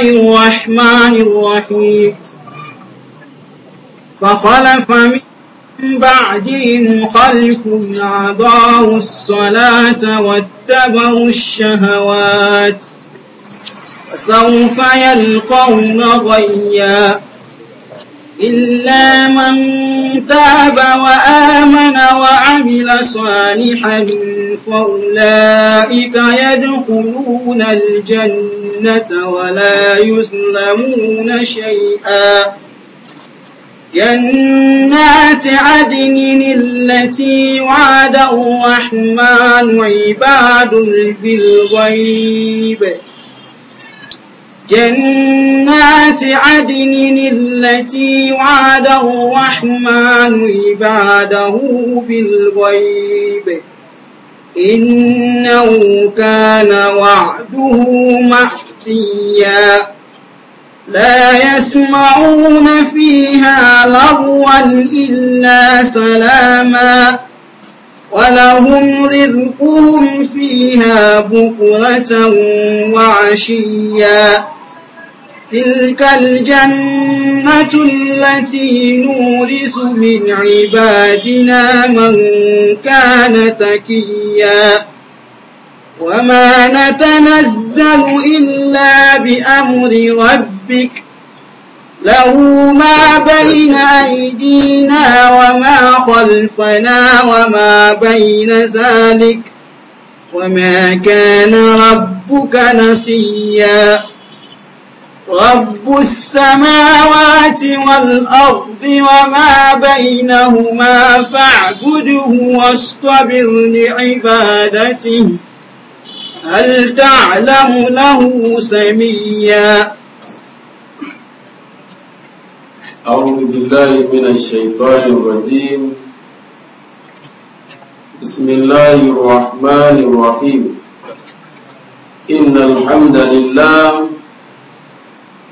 الرحمن الرحيم فخلف من بعدهم خلف أضاعوا الصلاة واتبعوا الشهوات فسوف يلقون غيا إلا من تاب وآمن وعمل صالحا فأولئك يدخلون الجنة ولا يظلمون شيئا جنات عدن التي وعد الرحمن عباد بالغيب جنات عدن التي وعد الرحمن عباده بالغيب إنه كان وعده محتيا لا يسمعون فيها لغوا إلا سلاما ولهم رزقهم فيها بكرة وعشيا تلك الجنة التي نورث من عبادنا من كان تكيا الدنيا وما نتنزل إلا بأمر ربك له ما بين أيدينا وما خلفنا وما بين ذلك وما كان ربك نسيا رب السماوات والأرض وما بينهما فاعبده واصطبر لعبادته هل تعلم له سميا أعوذ بالله من الشيطان الرجيم بسم الله الرحمن الرحيم إن الحمد لله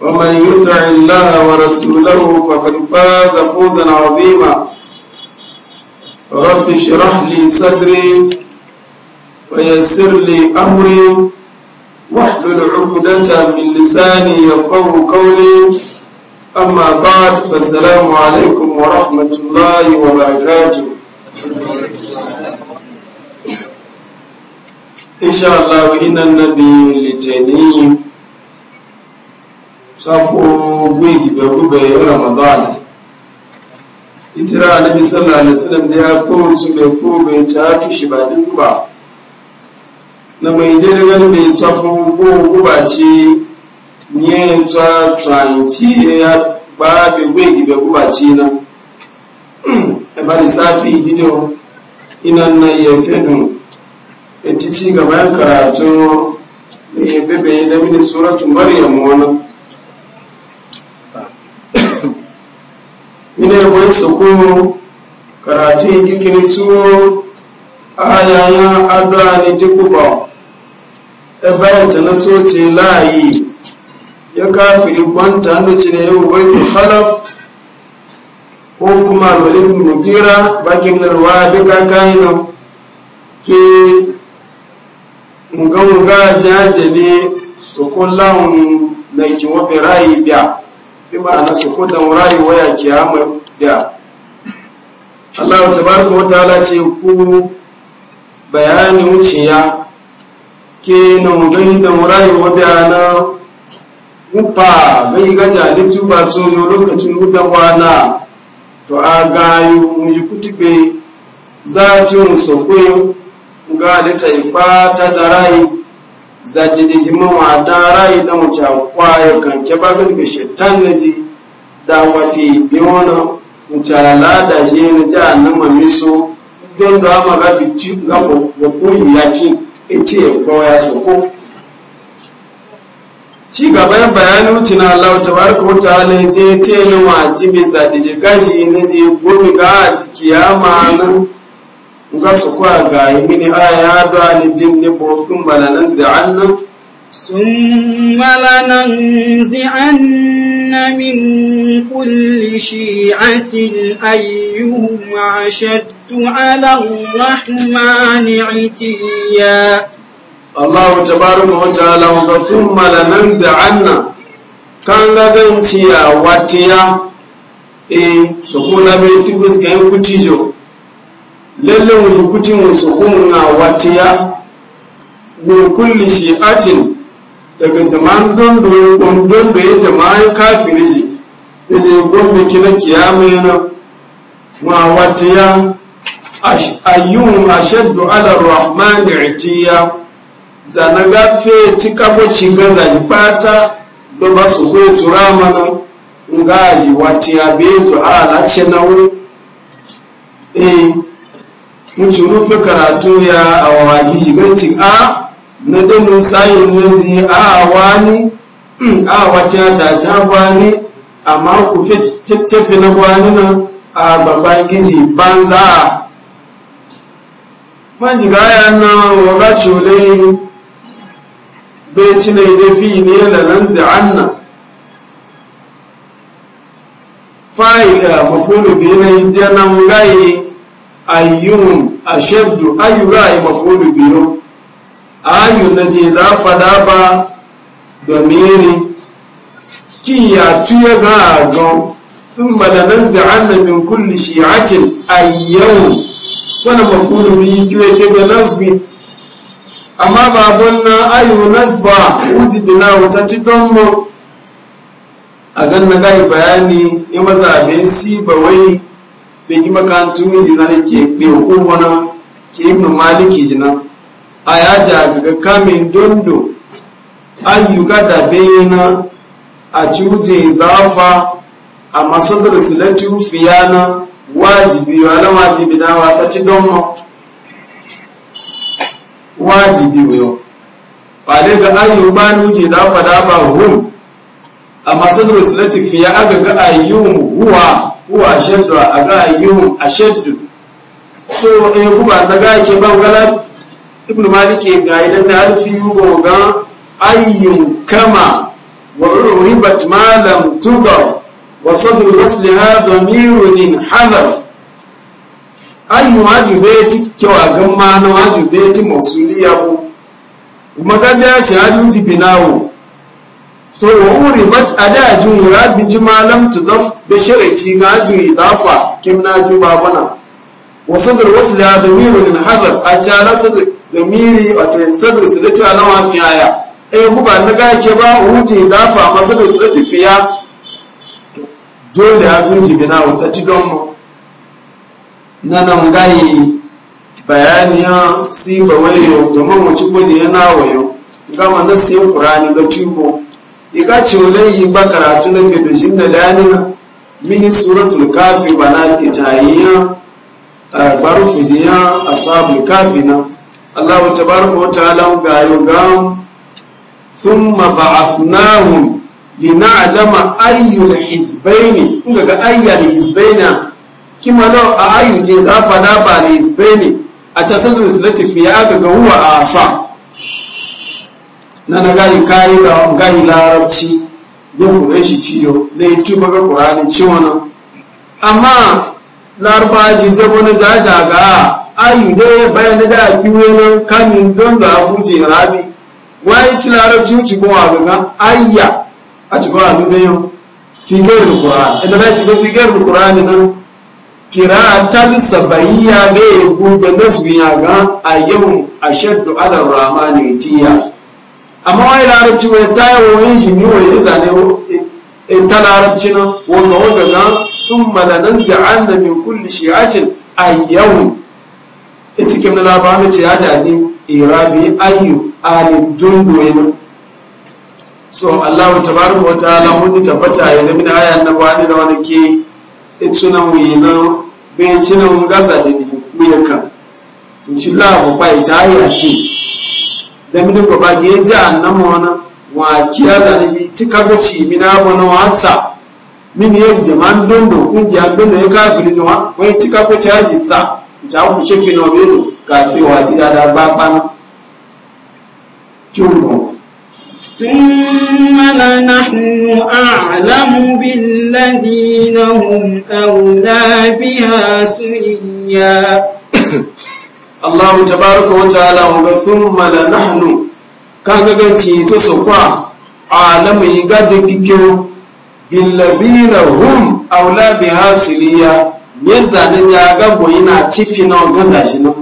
ومن يطع الله ورسوله فقد فاز فوزا عظيما رب اشرح لي صدري ويسر لي امري واحلل عقدة من لساني يفقه قولي اما بعد فالسلام عليكم ورحمة الله وبركاته ان شاء الله ان النبي لتنين safo gwegi bai gube ya ramadan itira na bisallah na sinan da ya kowace mai ko bai ta tushe ba duk ba na mai jirgin mai safo ko guba ce ne ta tsanci ya ba bai gwegi bai guba ce na e ya ba lissafi gidiyo inan na iya fedun ya ci ci gaba ya karatu da e ya bebe ya damini suratun maryam wani ina yawan soko karatu yin kikiri tuwo ayayen adọ́a ni díkùbọ̀ ẹbá ìtànà tana ti la'ayi ya káfìrí gbọ́ntà lóti na yau wai bin ko kuma walid mugira bakin narwa duka kayan ke muga-muga jajale su kullum na kiwa birayi biya bi ma'ana su rayu waya kiyama ya Allah tabaraka wa ta'ala ce ku bayani wuciya ke na mutum da rayuwa da na mupa bai ga jalittu ba so ne lokacin da kwana to a gayu mu ji kutube za sokwe ga da ta da rai zadidi jimin wata rayu da mace kwaye kan ke bagar ga shaitan na ji da mafi biyona mace da shi na ji a nan mamiso don da ama gafi ci gafa ga koyi ya ci ita ya kowa ya sako ci gaba ya bayani wuce na Allah ta barka wata halaye je ta yi na wajibi zadidi gashi na ji gomi ga a kiyama nan nga sokwa ga imini aya da ni dimni bo thumma sun thumma lananzi'anna min kulli shi'atin ayyuhum ashaddu 'ala rahmani itiya Allah tabaraka wa ta'ala wa annan. kan ga ganciya watiya e sokuna be tifus kan kutijo lallai wujukutin wasu kumna watiya min kulli shi'atin daga jama'an dondo da ya jama'an kafiri ji da je gombe kina kiyama yana ma watiya ayyun ashaddu ala rahman itiya zana gafe ti kabo cinga za yi do ba su tura mana nga yi watiya ala cenawo eh mucuru fi karatu ya a wawaki shiga ci a na dinu sayin nazi a wani hmm, a wata ta ci gwani amma ku fi ciccifi na gwani na a babban gizi banza man jiga ya na waga cule bai ci na dafi ne lalan zi'anna fa'ida mafulu bi na yi danan gaye ayyun ashaddu ayyu ra'ayi mafulu biyu ayyu na je da fada ba da miri ki ya tuya ga gan sun malanan za'anna min kulli shi'atin ayyau wani mafulu biyu kiwe ke ga nasbi amma babon na ayyu nasba wujidina wata ci don mu a gan na gai bayani ya maza bai si bawai bai kan makarantu ji zane ke bai hukuma na ke ibnu maliki ji Aya a ya ja ga kamin dondo ayyuka da bayyana a cuje dafa a da silatu fiyana wajibi wa na wajibi da wa ta ci don wajibi wa ba dai ga ayyuba nuje dafa dafa hum a masodar silatu fiya aga ga ayyun huwa huwa ashaddu a ga ashaddu so eh kuma da ga ke bangala ibnu ke ga idan da alfi yugo ga ayyu kama wa uribat ma lam tudar wa sadr wasliha dhamirun inhadar ayyun wajibati kewa gan ma na wajibati masuliya ko kuma ga ya ce ajuji nawo so wa uribat ada jumura bi jimalam tudaf bi sharati ga ju idafa kim na ju babana wa sadr wasla damir lil hadaf a ta sadr damiri ta sadr sadata na wa fiya eh ba na ga ke ba wuce idafa masadr sadata fiya dole abinci bina wata ci don mu na nan ya bayaniya ba wayo domin mu ci gode yana wayo ga na sai qur'ani ga tubo iga cewlen yi ba karatu na ke dojin da danina mini suratul kafi ba na itayiya barfujiya ashabul kafi na allahu tabaraka wa ta'ala ga yuga thumma na lina'lama ayyul hisbaini kuga ga ayyul ki kima na a ayyuje zafa na ba ne a casa da misalati fiye aka ga huwa a asa na na gayi kayi da gayi larabci ya kure shi ciyo da ya tuba ga kurani ciwon amma ji da wani zaja ga ayu da bayan da kiwe wani kanin don da abuje rabi wai ci larabci ko a ga? ayya a ci ba da yau figar da kurani idan na ci ga figar da kurani nan kira ta sabaiya ga ya gube nasu ya ga ayyuhum ashaddu ala rahmani tiya amma wai larabci wai ta yi wayan shi ne wai zane e, e, ta larabci nan wanda wanda na sun malanan za'an da min kulli shi'atin a yau ita cikin na labarin ce ya jaji irabi ayyu alif dunduwa so allahu tabaraka wa ta'ala hudu tabbata ya nemi da ayan na bani da wani ke itsuna e, mu yi na bayan cinan gasa da ne mu yakan to bai ta da mini ko ba ge ja nan mo na wa kiya da ni ti ka go ci mi na mo na wa ta mi ni je man dondo ku je an dondo ka bi ni wa wa ti ka ko cha ji ja ku che fi no be do ka fi wa bi da ba pa na chungo ثم لنحن أعلم بالذين هم أولى بها سريا allahu tabaraka wa ta'ala wa thumma la nahnu kaga ga ganci ta sukwa kwa alamu ga da kikyo billazina hum aula bi hasiliya ne na ya ga boyina cifi na gaza shi no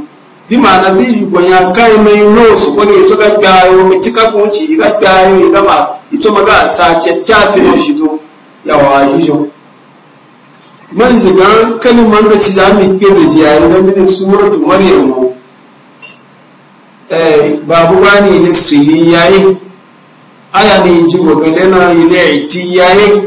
bi ma na zai yi gonya kai mai no su ko ne to ga gayo mi tika ko ci ga gayo ga ma ito maga ta ce ta fi shi yawa yi man ziga kalimar da ci za ke da jiyayi na mini suratu maryamu eh, babu bani ne sili yayi aya ne ji gobe lena ile iti yayi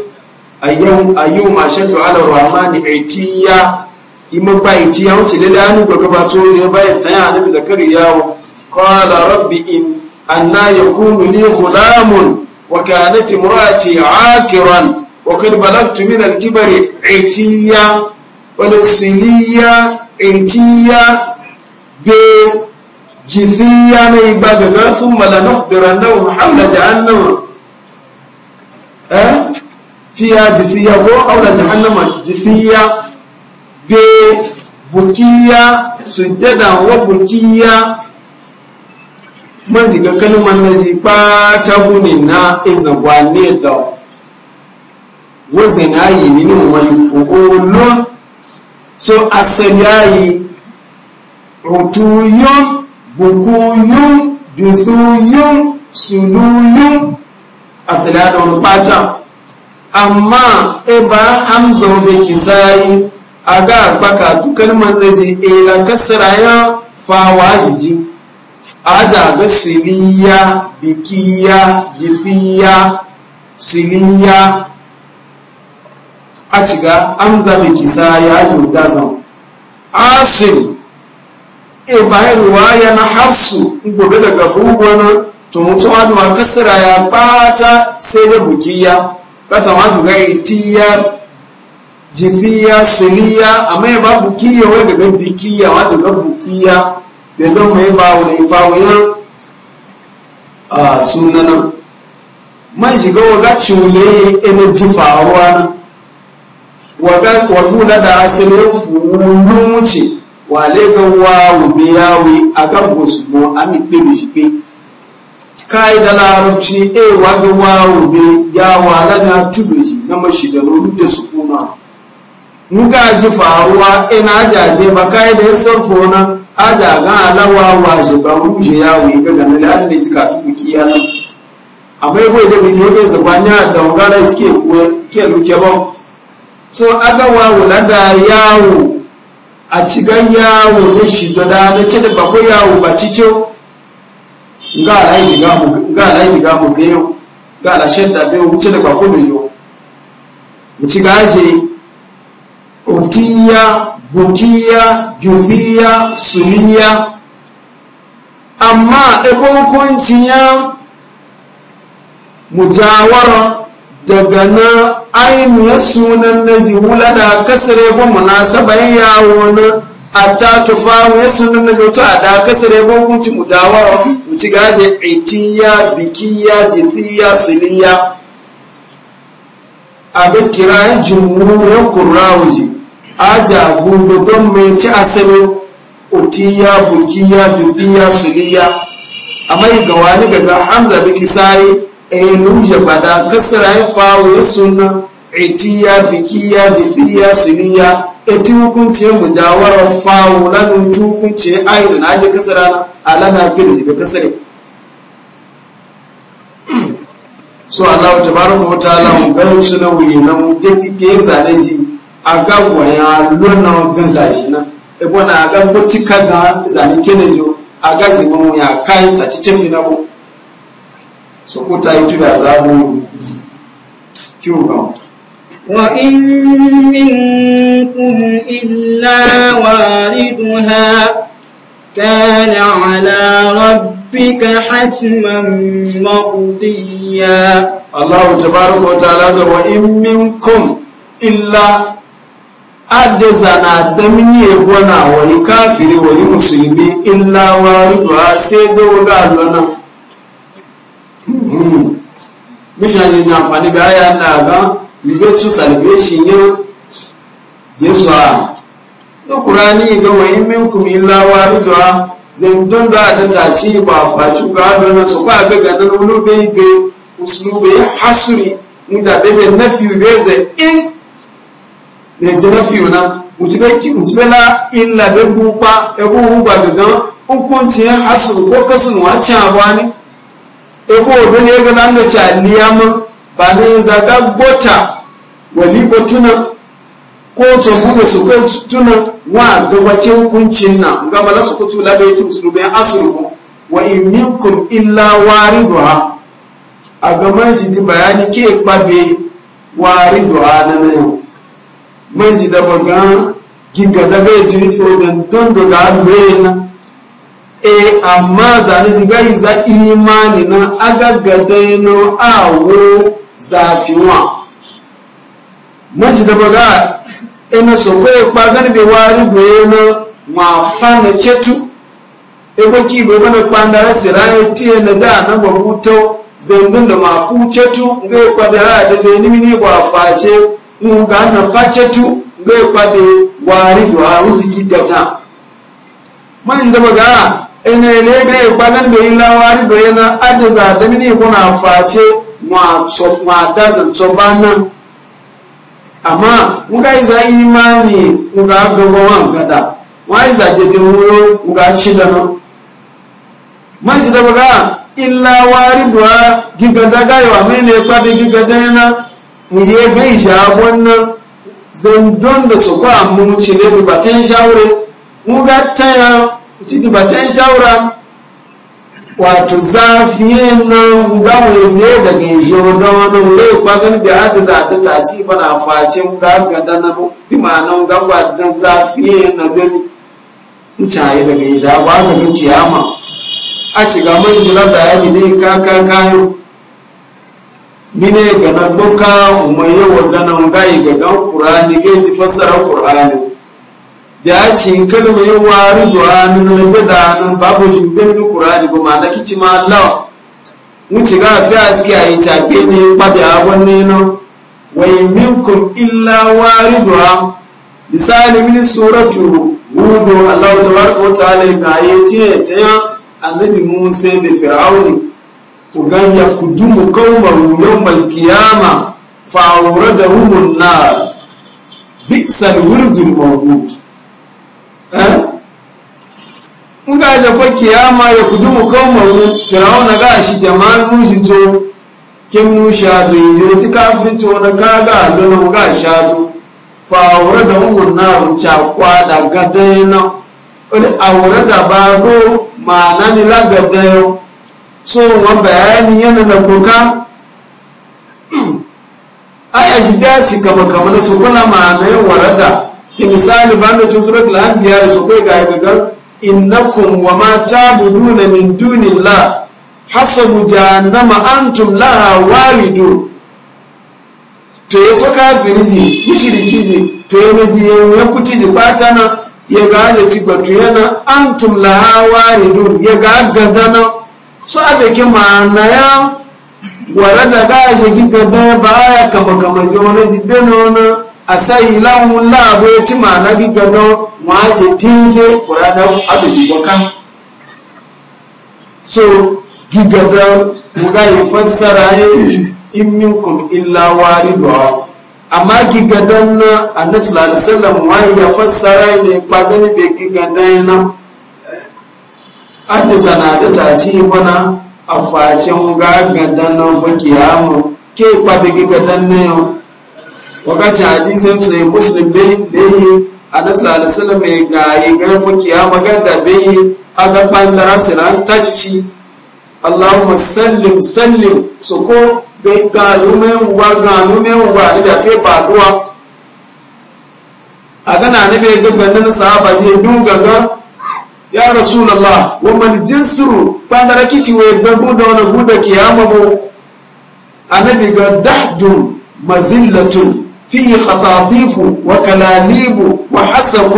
ayyam ayyu ma shakku ala rahman itiya ima ba ya wuce da dani gobe ba to ne ba ta ya annabi zakariya qala rabbi in anna yakunu li ghulamun wa kanat imraati aakiran وقد بلغت من الكبر عتيا ولسنيا عتيا بجزية نيبادنا ثم لنحضرنهم حول جهنم أه؟ فيها جزية أو جهنم جزية ببكية سجدا وبكية من ذكر كلمة نزيبا تبني نا إذا ونيدا wọ́n náà yìí nínú wọn ìfò olóò so asẹ̀lẹ̀ ayé òtúyún bùkúyún dùsúyún sùlúyún asẹ̀lẹ̀ ayé pátá amma ẹba hamza wọn bẹ kìsáyé aga àgbàkà tukẹ́lmà lẹ́jẹ̀ èèlà kẹsàrà yá fàwà jìjì àjà àgbẹ̀sẹ̀lẹ̀ yá bìkíyá jìfíyá sìlíyá a ciga amza da kisa ya ake da asim e ruwaya na hafsu gobe daga bugwana to mutum aduwa kasara ya bata sai da bukiya kasa wato ga itiya jifiya suliya amma ya ba bukiya wai daga bikiya wato ga bukiya da don mai ba wani wuya a sunanan man shiga waga cule ene jifawa wagula da asalin furun wuce wà lẹ́gàn wá òmìyàwó agbábòsùnmọ́ àmì pèlú ìṣìpé káàdà láàrùtí èèwà e wá òmìyàwó alága túbò yìí na mashida na olùdẹ sùkúnmọ́ nuka ji faruwa ina e ajaje ba kai da yasan fona aja ga alawa wa ji ba ruje yawo ga ga na da ne tika tuku kiyana abai e boye da bi joge zabanya da ngara tike ko ke luke ba so aga wawo lada yawo a cigan yawo na shizo da na ce da bakwai yawo ba cikin ga alayi diga mu biyu ga alashen da biyu wuce da bakwai mai yau mu ci gaje otiya bukiya jufiya suniya amma ebe hukuncin ya mujawara daga na ainihin sunan na zihula da kasare ba munasabai yin yawo na a ta tufa ya sunan na zoto a da kasare ba kunci mujawara muci gaje itiya bikiya jifiya siliya a ga kirayen A kurrawuji aja don mai ci asali otiya bukiya jifiya siliya a mai ga wani daga hamza bikisai eluja gbada kasara ya fawo ya suna itiya bikiya jifiya suniya eti hukunci ya mujawara fawo lagun tukunci ya ayyana na aje kasara na alana yi daga kasare so Allah ta baraka ta ta'ala mu ganin su na wuri na mu dake ke zane shi a ga waya lona ganza shi na e a ga botika ga zane kene jo a ga jimin ya kai ta ci tafi na mu so ko ta yi tuba za mu kiwo ga وإن منكم إلا واردها كان على ربك حتما مقضيا الله تبارك وتعالى وإن منكم إلا adezana damini ebona wayi kafiri wayi musulmi illa wa sai dai ga Hmm. mishan zai amfani da aya na aga ga liberty salvation yau jesu a da kurani ga wayin minkum illa waridwa zindon da da ta ci ba faci ga don su ba ga ganin ulube be uslubi hasri inda be be nafi be ze in ne je nafi na mutibe ki mutibe la illa be bupa e bu ba ga hukunci hasru ko kasun wa ci abani ego obin ego na nnaci aliyam ba ne zaga gbota wali tuna ko tsohon su kai tuna wa gabace hukuncin na ga mala su kutu labai ta usulubin asuru wa in minkum illa wariduha a gaman shi ji bayani ke kpabe wariduha na na yau man shi dafa gan giga daga ya jini frozen don da za a na e amma zane zigayi za imani na agagade no awo zafiwa maji majida baga ina e so ko ipa garbe wari doye na ma fa na cetu ebo ki go bana pandara sirai tie na ja na babuto zendun da ma ku cetu ngai kwadara da zeni mini ba face mu ga na facetu ngai kwade wari do a wuji gidda ta man da baga ina lege kwanan da yin lawari da yana adaza da mini kuna face ma dazan tsoba nan amma muka yi za imani muka gaba wa gada wa yi za gidi wuro muka ci da nan man shi da baka illa wari da gigada gaiwa mai ne kwada gigada yana mu yi je gaisha wannan zandon da su kwa mu ci ne mu batun shawure muka tayar ciki batun shawara wato fiye na gawo ne daga yashe wanda wani wuri kwagan da hada zata ta ci bana face gaga da na bimanan gaba da zafiye na gani mutane daga yashe ba daga kiyama a ci ga shi jira bayani ne kaka kayo mine ga na duka umayyar wadda na yi ga dan kurani ga ji fassara kurani ya ci kada yin wari du'a na na bada babu jubin ni qur'ani ba mana kici ma Allah mun ci ga fi aski ayi ta be ne ba da wanne no wa minkum illa wariduha misali min suratu hud Allah tabaraka wa ta'ala ga yace ta annabi Musa da Fir'auni ku ga ya kudumu qaumahu yawmal qiyama da awradahumun nar bi'sal wurin mawrud nga jafa kiyama ya kudumu kawmanmu firawuna ga shi jama'a nushi to kim nu shadu yo ti kafin to da kaga lona ga shadu fa awra da hun na cha kwa da gadena odi awra da ba do ma ni la gadena so wa bayani yana da kuka aya shi da ci kama kama na su ma ne warada ki misali bandocin suratul anbiya da su kai ga gaga innakum wa ma ta'buduna min dunillah hasabu jahannama antum laha waridu to ya to kafiri ji mushriki ji to ya mazi ya kuti ji batana ya ga ya ci batu yana antum laha waridu ya ga gadana so abe ki ma'ana ya warada ga ya ba ya kama kama ji wani ji asayi lahun laabo ti ma na bi gbígbẹ lọ wọn á ṣe díje kọ̀rọ̀dá àbẹ̀dìbọ̀ kan so mu ga yi fọ́n ye in minkum illa waridu amma gígbẹ̀dá na annabi sallallahu alaihi wasallam wa ya yà ne sára yìí nípa gani bẹ gígbẹ̀dá yìí na adisa na adita ci fana a facin ga dannan na fakiyamu ke ipa bẹ gígbẹ̀dá na yau wakati hadisin sai muslim bai bai annabi sallallahu alaihi wasallam mai gayi ga fa kiyama ga da bai aga bandara siran tachichi allahumma sallim sallim so ko bai ga lume wa ga lume wa da ce ba duwa aga na ne bai ga nan sahaba je dun gaga ya rasulullah wa man jinsuru bandara kici we ga buda wala buda kiyama bo annabi ga dahdun mazillatun فيه خطاطيف وكلاليب وحسك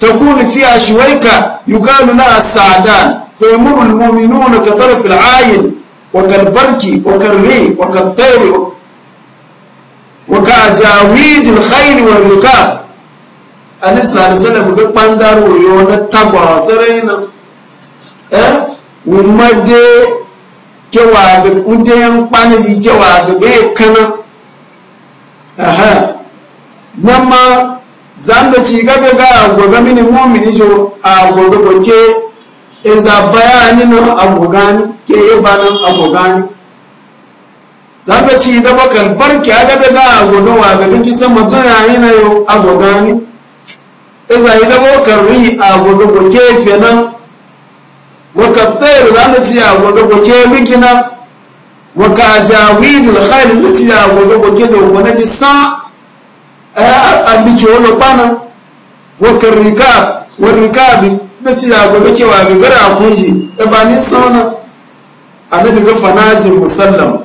تكون فيها شويكة يقال لها السعدان فيمر المؤمنون كطرف العاين وكالبرك وكالري وكالطير وكأجاويد الخيل والركاب النبي صلى الله عليه وسلم يقول بندر ويونا التبع سرينا أه ومدي كوا ودين بانجي كوا بيه كنا aha nan ma zanda ci gabe ga gobe mini mumini jo a gobe goke iza bayani nan agogani ke yi ba nan agogani zamba ci gaba kan barki a gabe ga agogo wa gabe ki san mutum ya yi na yau agogani iza yi gaba kan ri agogo goke fenan wakabtayar zanda ci agogo goke mikina waka ajawidul khair lati ya gogo goke do gona ji sa a bi ci wani kwana waka rika wani rika bi lati ya gogo ke wa gagara a kunji ɗabanin sauna annabi ga fanajin musallam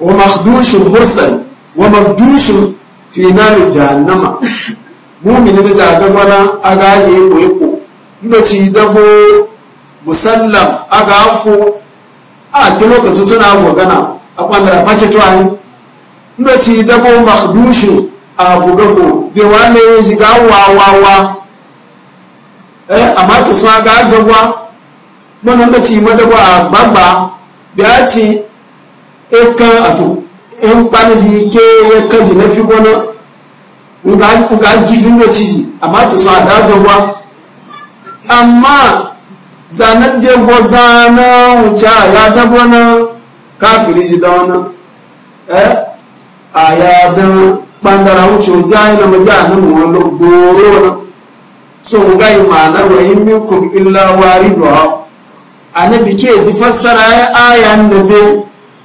wa makhdushin mursal wa makdushin fi nari jahannama mumini da zaga gwana a je ko yako inda ci dabo musallam aga afo a ah, ke lokacin tana magana a ɓangaren face tuwani inda dabo makdushin a bugago bai wanda ya shiga wawawa eh amma ta sa ga gagwa mana da madaba a gbagba bai ci ikan e ato in e kwanisi ke ya e kaji na fi gona ga gifin da ciji amma ta sa ga gagwa amma zanen je gudana wuce ya dabo na kafiri ji da wani eh a ya dan bandara wuce jayi na majalin wani goro na sun gai ma'ana wa yi minkum illa wari da annabi ke ji fassara ya ayan da bai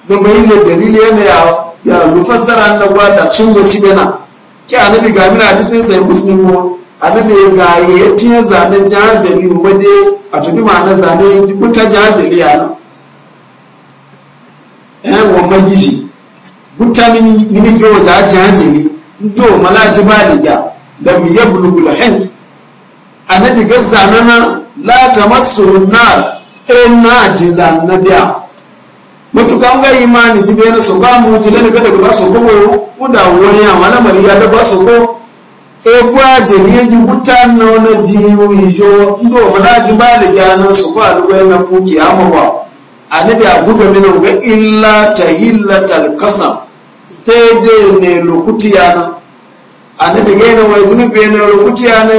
da bai da dalili yana ya ya fassara na gwada cin gaci bana ke annabi ga mina hadisin sai muslimu annabi ya gaye ya tiye zane jajali wade a tuni ma na zane kuta jajali ya nan ɗan eh, wamman gishi kuta mini mini za a jajali ndo malaji ba da ya da mu ya bulugula hens annabi ga zane e, na la ta masu na ina ji zane biya matukan ga imani jibe na so ba mu ji da daga ba so ko ko da wani amma lamari ya da ba so ko egwa jeli ji wuta na wani ji yiwu ndo mana ji ba da gyanan su ba duka yana fuki amawa annabi a guga mina ga illa tahillatal qasam sede ne lokuti yana annabi ga yana wai zunubi yana lokuti yana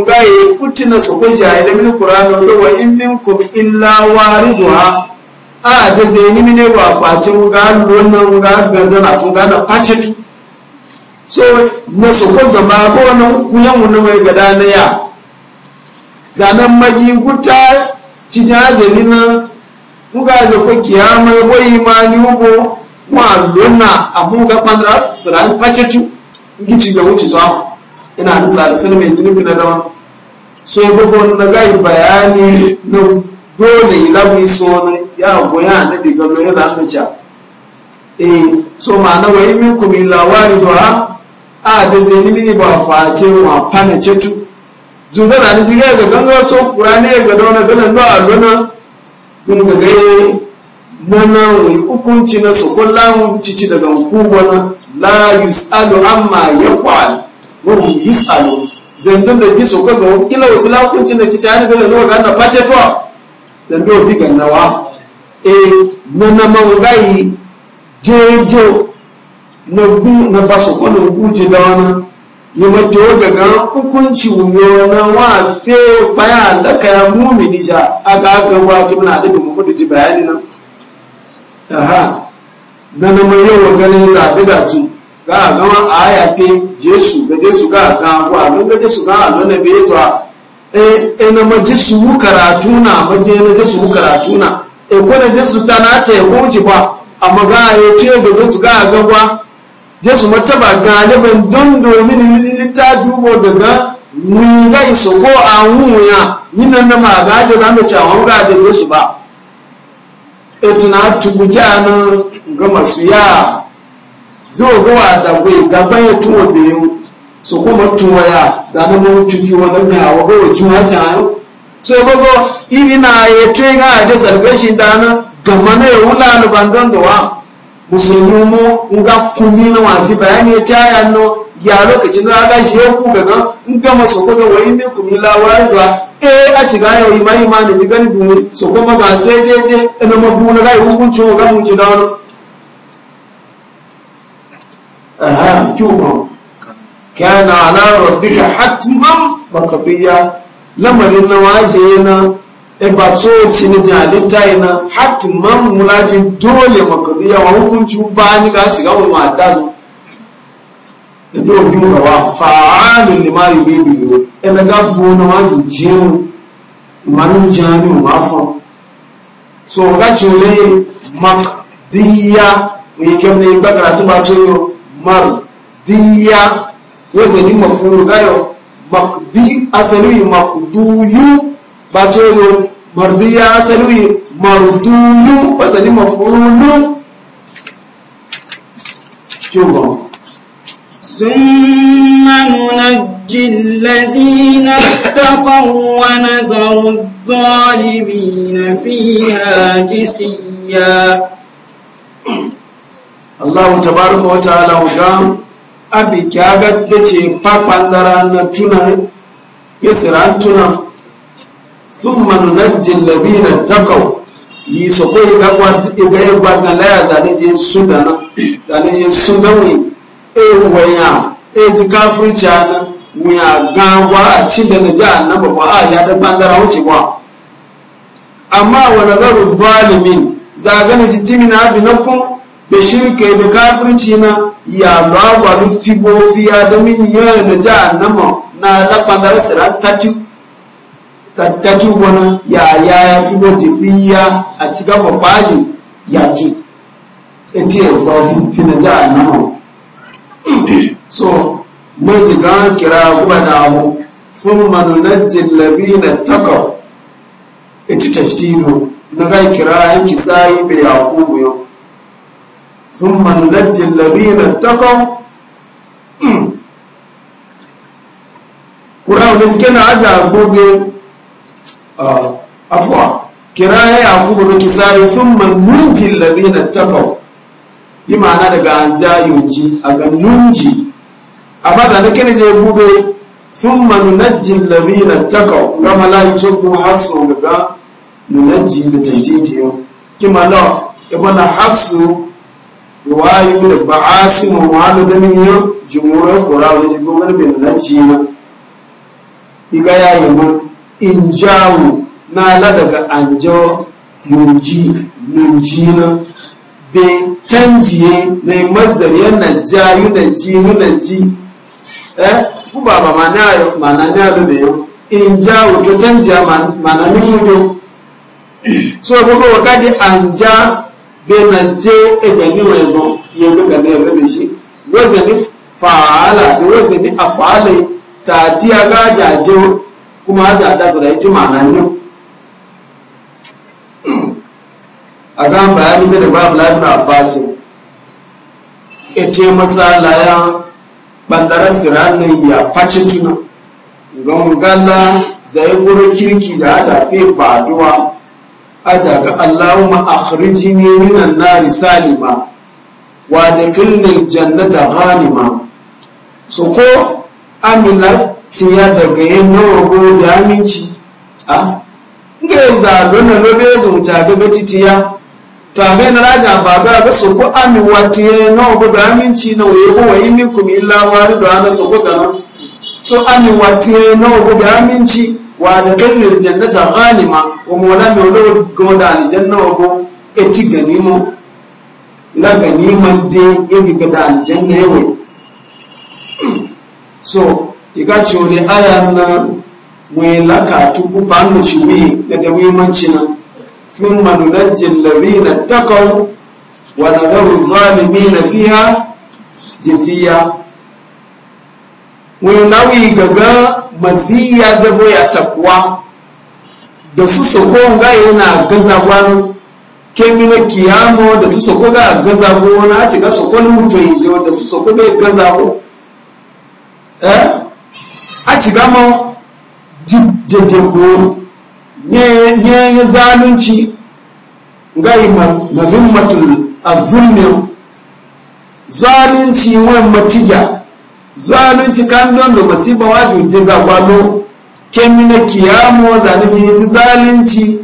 nga kuti na su ko a ilimin mini kurani ndo wa in minkum illa waridha a da zeni ni mine ba face mu ga wannan ga gandana tun ga na pacetu so na soko da ko wani kuyan wani mai gada na ya zanen magi guta cikin ajali na muka zafi kiyama ya boyi ma ni hugo ma luna a muka kwanra tsirai facacu gici ga wuce zuwa ina da tsirai sun mai jini na dawa so ya bugu na gai bayani na dole labi so na ya goya na diga lo ya zama ja eh so ma na wa yi minkum illa wariduha a da zeni mini ba face wa fana cetu zungana ni siga ga ganga to kurane ga dona galan do alwana mun ga ga nana wai hukunci na su kullan cici daga hukuma la yusalu amma yafal wa hum yusalu zendon da giso ko ga kila wasu hukunci na cici an da do ga na face to zendo diga nawa e nana mangai jojo na gun na ba kwanan guji da wani yi mace wadda ga hukunci wuyo na wafe baya da kaya mumi ja a ga aka wajibi na da domin kudu ji bayani nan aha na na mai yawan ganin zaɓi da tu ga a gama a yafe jesu ga jesu ga a ga kwa don ga jesu ga a nuna bai ta e, e na maji su karatu na maji na jesu karatu na e ko na jesu ta na ta ya ko wuce ba amma ga a yi ce ga jesu ga a ga kwa jesu mataba galiban don domin mini littafi ko daga ninga iso ko a wuya yinan na ma ga da zama cewa ga da su ba e tuna tubuja na ga masu ya zo ga wa da gwe ga ban ya tuwa biyu so kuma tuwa ya zana mun cuci wannan ne a wago wajin ta yau so ya bago iri na ya tuwa ga da sargashin dana gama na ya wula alubandon da wa musulmi mu nga kumi na wanti bayani ya taya no ya lokacin da aka shi ku ga in ga maso ko ga wai ne kumi la wai da eh a ci ga yau mai ma ne digan dumi so ko ma ba sai dai dai ina ma bu na ga hukunci ga mun ji dawo aha kuma kana ala rabbika hatman maqdiya lamarin nawaje na ba tsoci na jalita yana man mulajin dole makadiyya wa hukuncin ba ni ga shiga wani mata zo da dokin gawa fa'alun lima yuri biyu ina ga bona wa jujiyar manu jani wa mafa so ga cole makadiyya mai kyau ne ga karatu ba ce yau mardiyya wazani mafuru gayo makdi asali makduyu bacero mardiya asali mardulu masani mafulu jumbo summa nunajji alladhina taqaw wa nadharu adh-dhalimina fiha jisiya Allahu tabaaraka wa ta'ala ga abi kaga dace fa pandara na tuna yasiran tuna thumma nunajji alladhina taqaw yi so ko ga gwa ga ya gwa na laya zane je sudana zane je sudawi e waya e ji kafirci ana wuya gawa a ci da na ji annaba ba a ya da bangara wuce ba amma wa nazaru zalimin zagana shi timina da da kafirci na ya lagwa fibo fiya da min da na tattatu wani ya ya e fi wata jifiya a ci gaba bayi yaki eti ya kwafi fina a nama so mun ga kira kuma damu sun manunajin na taka eti tashtino na ga kira ki sayi bai yakubu yau sun manunajin na taka hmm. kura wani suke na aja gobe afuwa uh, afwa ya yakubu da kisayi sun manunji lalina takau yi ma'ana daga an jayoji a ga nunji a bata da kene je gube sun manunajji lalina takau ga malayi cikin har sau daga nunajji da tashdidi yau kima la ibana hafsu ruwayu da ba'asi muhammadu da min yau jimurar kura wani ibi wani bin nunajji na iga yayi mun in na la daga an jawo nunji nunjina be tanjiye na masdar yana jayu na ji na ji eh ku baba mana yo mana ne ado be yo in jawo to tanjiya mana ni mudo so boko wakati anja be na je e ga ni wego yo ga ne be shi wazani fa'ala wazani af'ala ta tiya ga jajewo kuma haka da ya ci ma'ana yau. a gan bayani ga da babu lafi na abbasu ita masala ya ɓangaren siranin ya faci tuna gala zai guri kirki da hada fi baduwa a daga allahumma ne minan nari ba wa da kilnin jannata ghanima su ko amina ti daga yin nawa ko da aminci a ga ya zaɓi na lobe ya zunta ga titiya to a na raja ba ga ga su ko aminwa wati nawa ko da aminci na waye ko wayi min kuma illa wani da ana su ko gana so aminwa wati ya nawa ko da aminci wa da kallin jannata ghalima wa mola mai ga da aljanna wa ko eti ganimo na ganiman dai yadda ga da aljanna yawai so iga cewa aya na mai lakatu ku ci ciwi da da muhimmanci na sun manunajin lalina takau wa nazaru zalimi na fiya jiziya mai nawi gaga maziya da boya takwa da su soko ga yana gaza gwanu kemi na kiyamo da su soko ga gaza gwanu a cika soko na mutu yi da su soko bai gaza gwanu eh aciga ma jijjejjebo ne ya zalunci gai mazimmatul azulmin zalunci wan matiga zalunci kan don da masiba wajin je zabalo kemi na kiyamo zalunci ya ji zalunci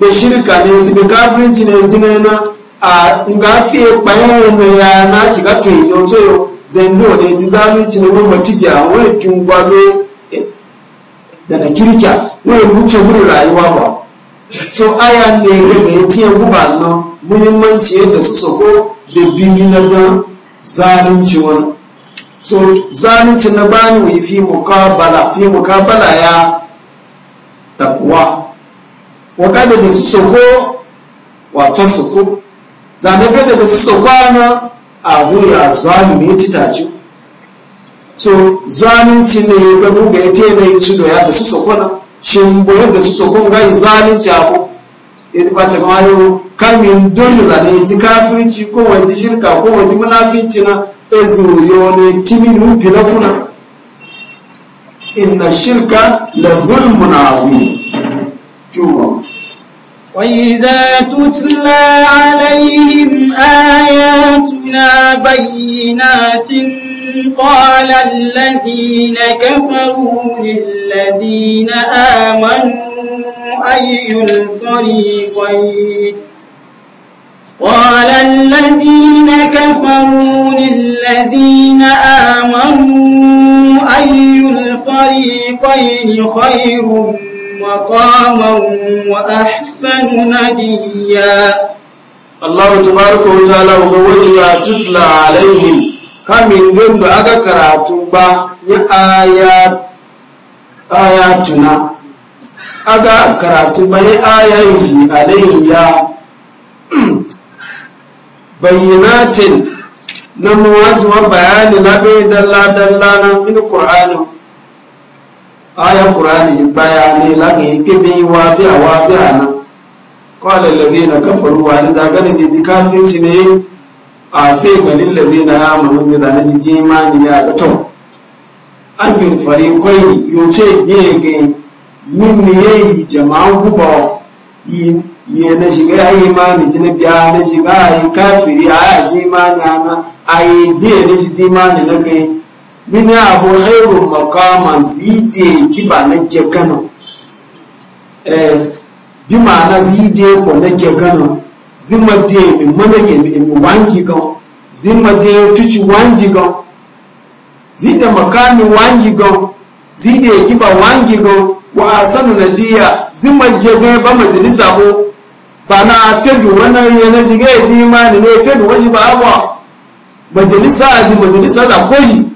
da shirka ne ya ji da kafirinci ne ya ji na a gafiye bayan ya na ciga to yi yau zendo da ji zalunci na wani matibiya wani gwado da na kirkiya wani wuce wurin rayuwa ba so aya ne ga da ya tiya guba na muhimmanci yadda su sako da bibi na da zalunci wani so zalunci na bani wai fi mukabala fi mukabala ya takuwa wakada da su sako wata sako gada da su sako na abu ya zalimi titaci so zalunci ne ya ga ya tena yi su doya da su sokona shin boye da su sokon ga zalunci abu ya ti fata ma yau kamin don zane ji kafirci kowai ji shirka kowai ji munafici na ezuriyo ne timin hupi na kuna inna shirka la zulmun وإذا تتلى عليهم آياتنا بينات قال الذين كفروا للذين آمنوا أي الفريقين قال الذين كفروا للذين آمنوا أي الفريقين خير مقاما وأحسن نديا الله تبارك وتعالى وإذا تتلى عليهم kamin din ba aka karatu ba ya ayatuna aka karatu ba ya ayayin shi alayhi ya bayyanatin na mawajiwa bayani na bai dalla dalla na min aya qur'ani baya ne lagi kebe wa bi awa bi ana qala alladhina kafaru wa la zagani ji jikafirci ne a fe ga lil ladina amanu bi da ji jimani ya ga to azmin fariqaini yoce ne ga min ne yayi jama'an guba yi na shiga ayi imani ji na biya na shiga ayi kafiri ayi imani ana ayi diye ne shi imani na kai mini abu khairun makaman zide ki ba na gegano eh bi na zide ko na gegano zima de mi mana ye mi wangi gon zima de tuci wangi gon zide makami wangi gon zide kiba wangi gon wa asanu nadiya zima gegano ba majalisa ko ba na fedu wannan yana shiga ya ji imani ne fedu wajiba abuwa majalisa a ji majalisa da koji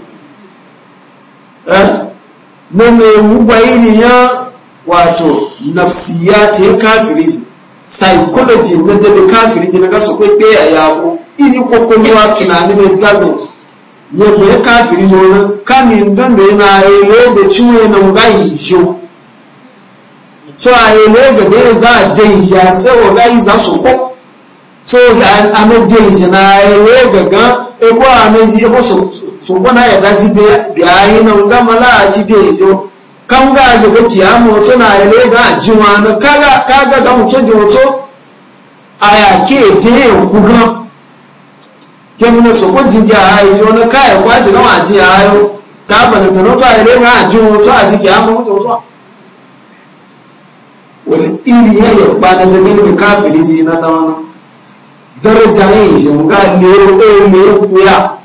Eh? na mai mubayin ya wato nafsiya ce kafiri psychology na dabe kafiri na gasa kwai ɗaya yabo ini kokolwa tunani mai gazin yadda ya kafiri zona kamin don da na yele da ciwo na mugayi jo so a yele ga da ya za a dai ya sai wa gayi za su so da amade jina ele gaga ebo amezi ebo so so bona daji be bi ayi na ngama la ji ga je ga kiyamo to na ele ga ga mu tojo to aya ke de ku ga na so ko jinja ayi yo na kai kwa ji na wa ji ta ba na to to ga jiwa daraja yin shi ga lero ɗaya mai kuya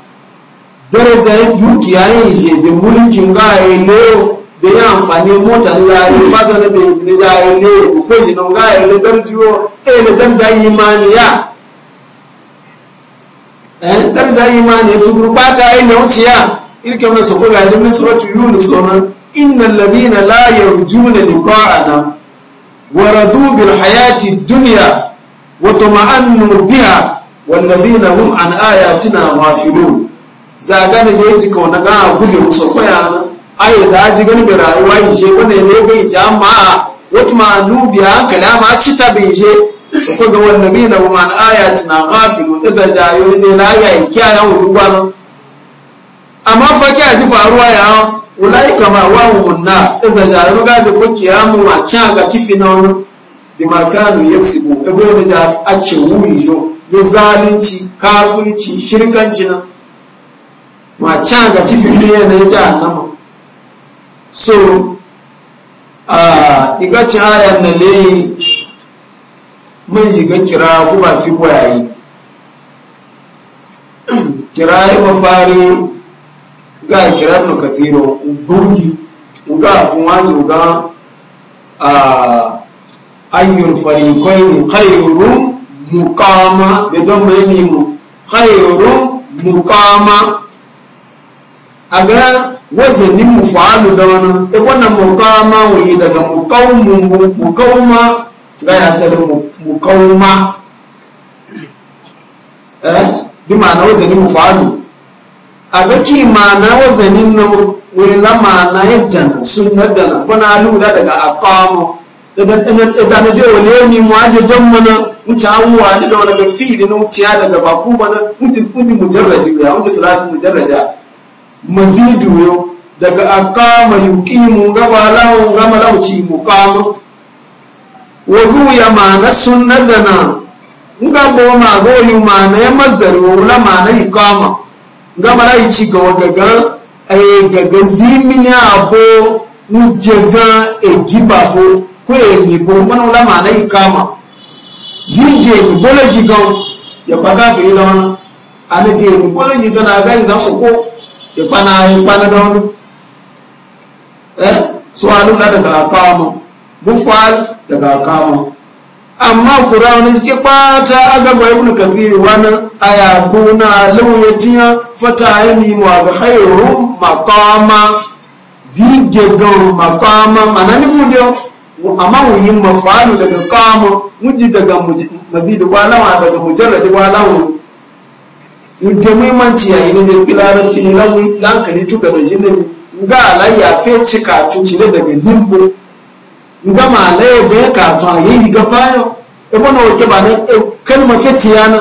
daraja yin dukiya yin shi da mulkin ga yi lero da yin amfani mota da ya yi fasa na bai yi ja yi lero ko shi na ga yi na darjiyo ɗaya e, na daraja yin imaniya ɗayan eh, daraja yin imaniya tukuru ɓata yi na ya? irka masa kula da min suratu yunus sona innal ladina la yarjuna liqa'ana wa radu bil hayati dunya وطمأنوا بها والذين هم عن آياتنا غافلون zagane je ji kauna ga gudu musu koya ai da ji gani rayuwa yi je wanda ne ga jama'a wata ma biya kalama ci ta bin je su ko ga wanda ne na man ayatina ghafilu da jayo je na ya yi kiyaye wudu gwanan amma fa kiyaye ji faruwa ya ulai kama wa munna da jayo ga da ko kiyamu ma ci ga na wani bima kanu yaksibu ta bai da ja a ce wuri jo ya zalunci kafirci shirkanci na ma can ga cikin ne na ya ji annama so a igacin ayan na ne mun shiga kira kuma fi kwayayi kira yi mafari ga kira na kafiro uga kuma ga a ayyul fariqain khayrun muqama be don mai ni mu khayrun muqama aga wazanin mufalu da wani e wannan muqama wani daga muqawmun muqawma ga ya salu muqawma eh bi ma'ana wazanin mufalu aga ki ma'ana wazanin na wani la ma'ana yadda e sunnar da na bana lura daga aqamu zane je wani yami mu aji don mana wuce abubuwa ne da wani ga fili na wuciya daga baku mana wuce kundi mujarradi ya wuce salatu mujarrada mazidu yo daga yuki mu gaba lahu gama lauci ci muqam wa ya ma na sunnadana nga bo ma go yu ma na masdar la ma na iqama gama lahu ci ga gaga ay eh, gaga mini abo nu jega egiba gibabo kwe mi bo mana la mana kama. zinje mi bolo gigan ya baka fi da wana ana te mi bolo gigan na ga za su ko ya pana ya pana da wani eh so alu la daga kama bufal daga kama amma qur'ani suke bata agaba ibnu kathir wana aya kuna lawyatin fata yami wa ga khairu maqama zige gan maqama manani mu amma mu yi mafalu daga kama muji daga mazidu walawa daga da walawa da muhimmanci yayi ne zai filaranci ne lankali tuka da jini ga alayya fe cika cuci ne daga nimbo ga malaye da ya katon yi ga fayo ibn wake ba na e, kalma fe tiyana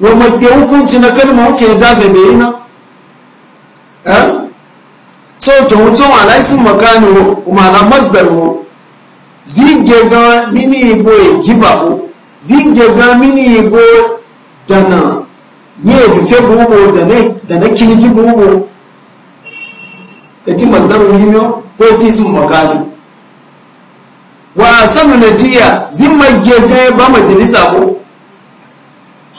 wa mafi hukunci na kalma wuce da zabe ina eh so to mutum alaisin makani wa ma'ana masdar wa zige ga mini ibo igibabo zige ga mini ibo dana ye rufe bubo da ne da na gibo bubo eti mazdaru yimyo ko eti sun makali wa sanu nadiya zimma gege ba majalisa ko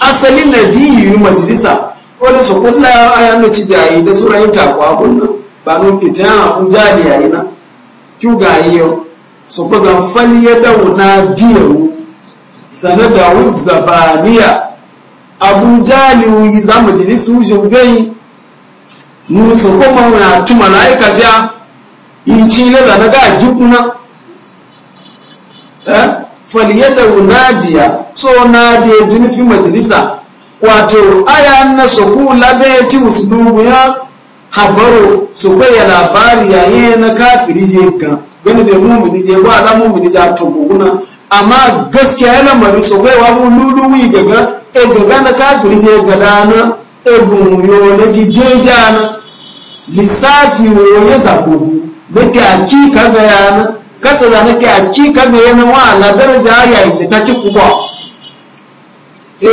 asalin yi majalisa ko da su kulla ayan ci cijayi da sura yin takwa kunna ba nun fitan abun jali yayi na ga yau su kudan faliya dauna diyawu sane da wuzzabaniya abu ni wuyi za mu jini su wujin gai musu kuma na tuma na aika fiya yi ci na zane ga jikuna eh, faliya dauna diya so na diya jini fi majalisa wato aya na su labe da ya ci ya habaru su kwaya labari yayin na kafiri je gan gani da mumuni je ba to amma gaskiya yana mari so bai wa mun luluwi gaga e gaga na kafiri e gun yo na ji wo ya ga yana kasa da nake hakika ga yana wa daraja ya yi ta ci kuwa e,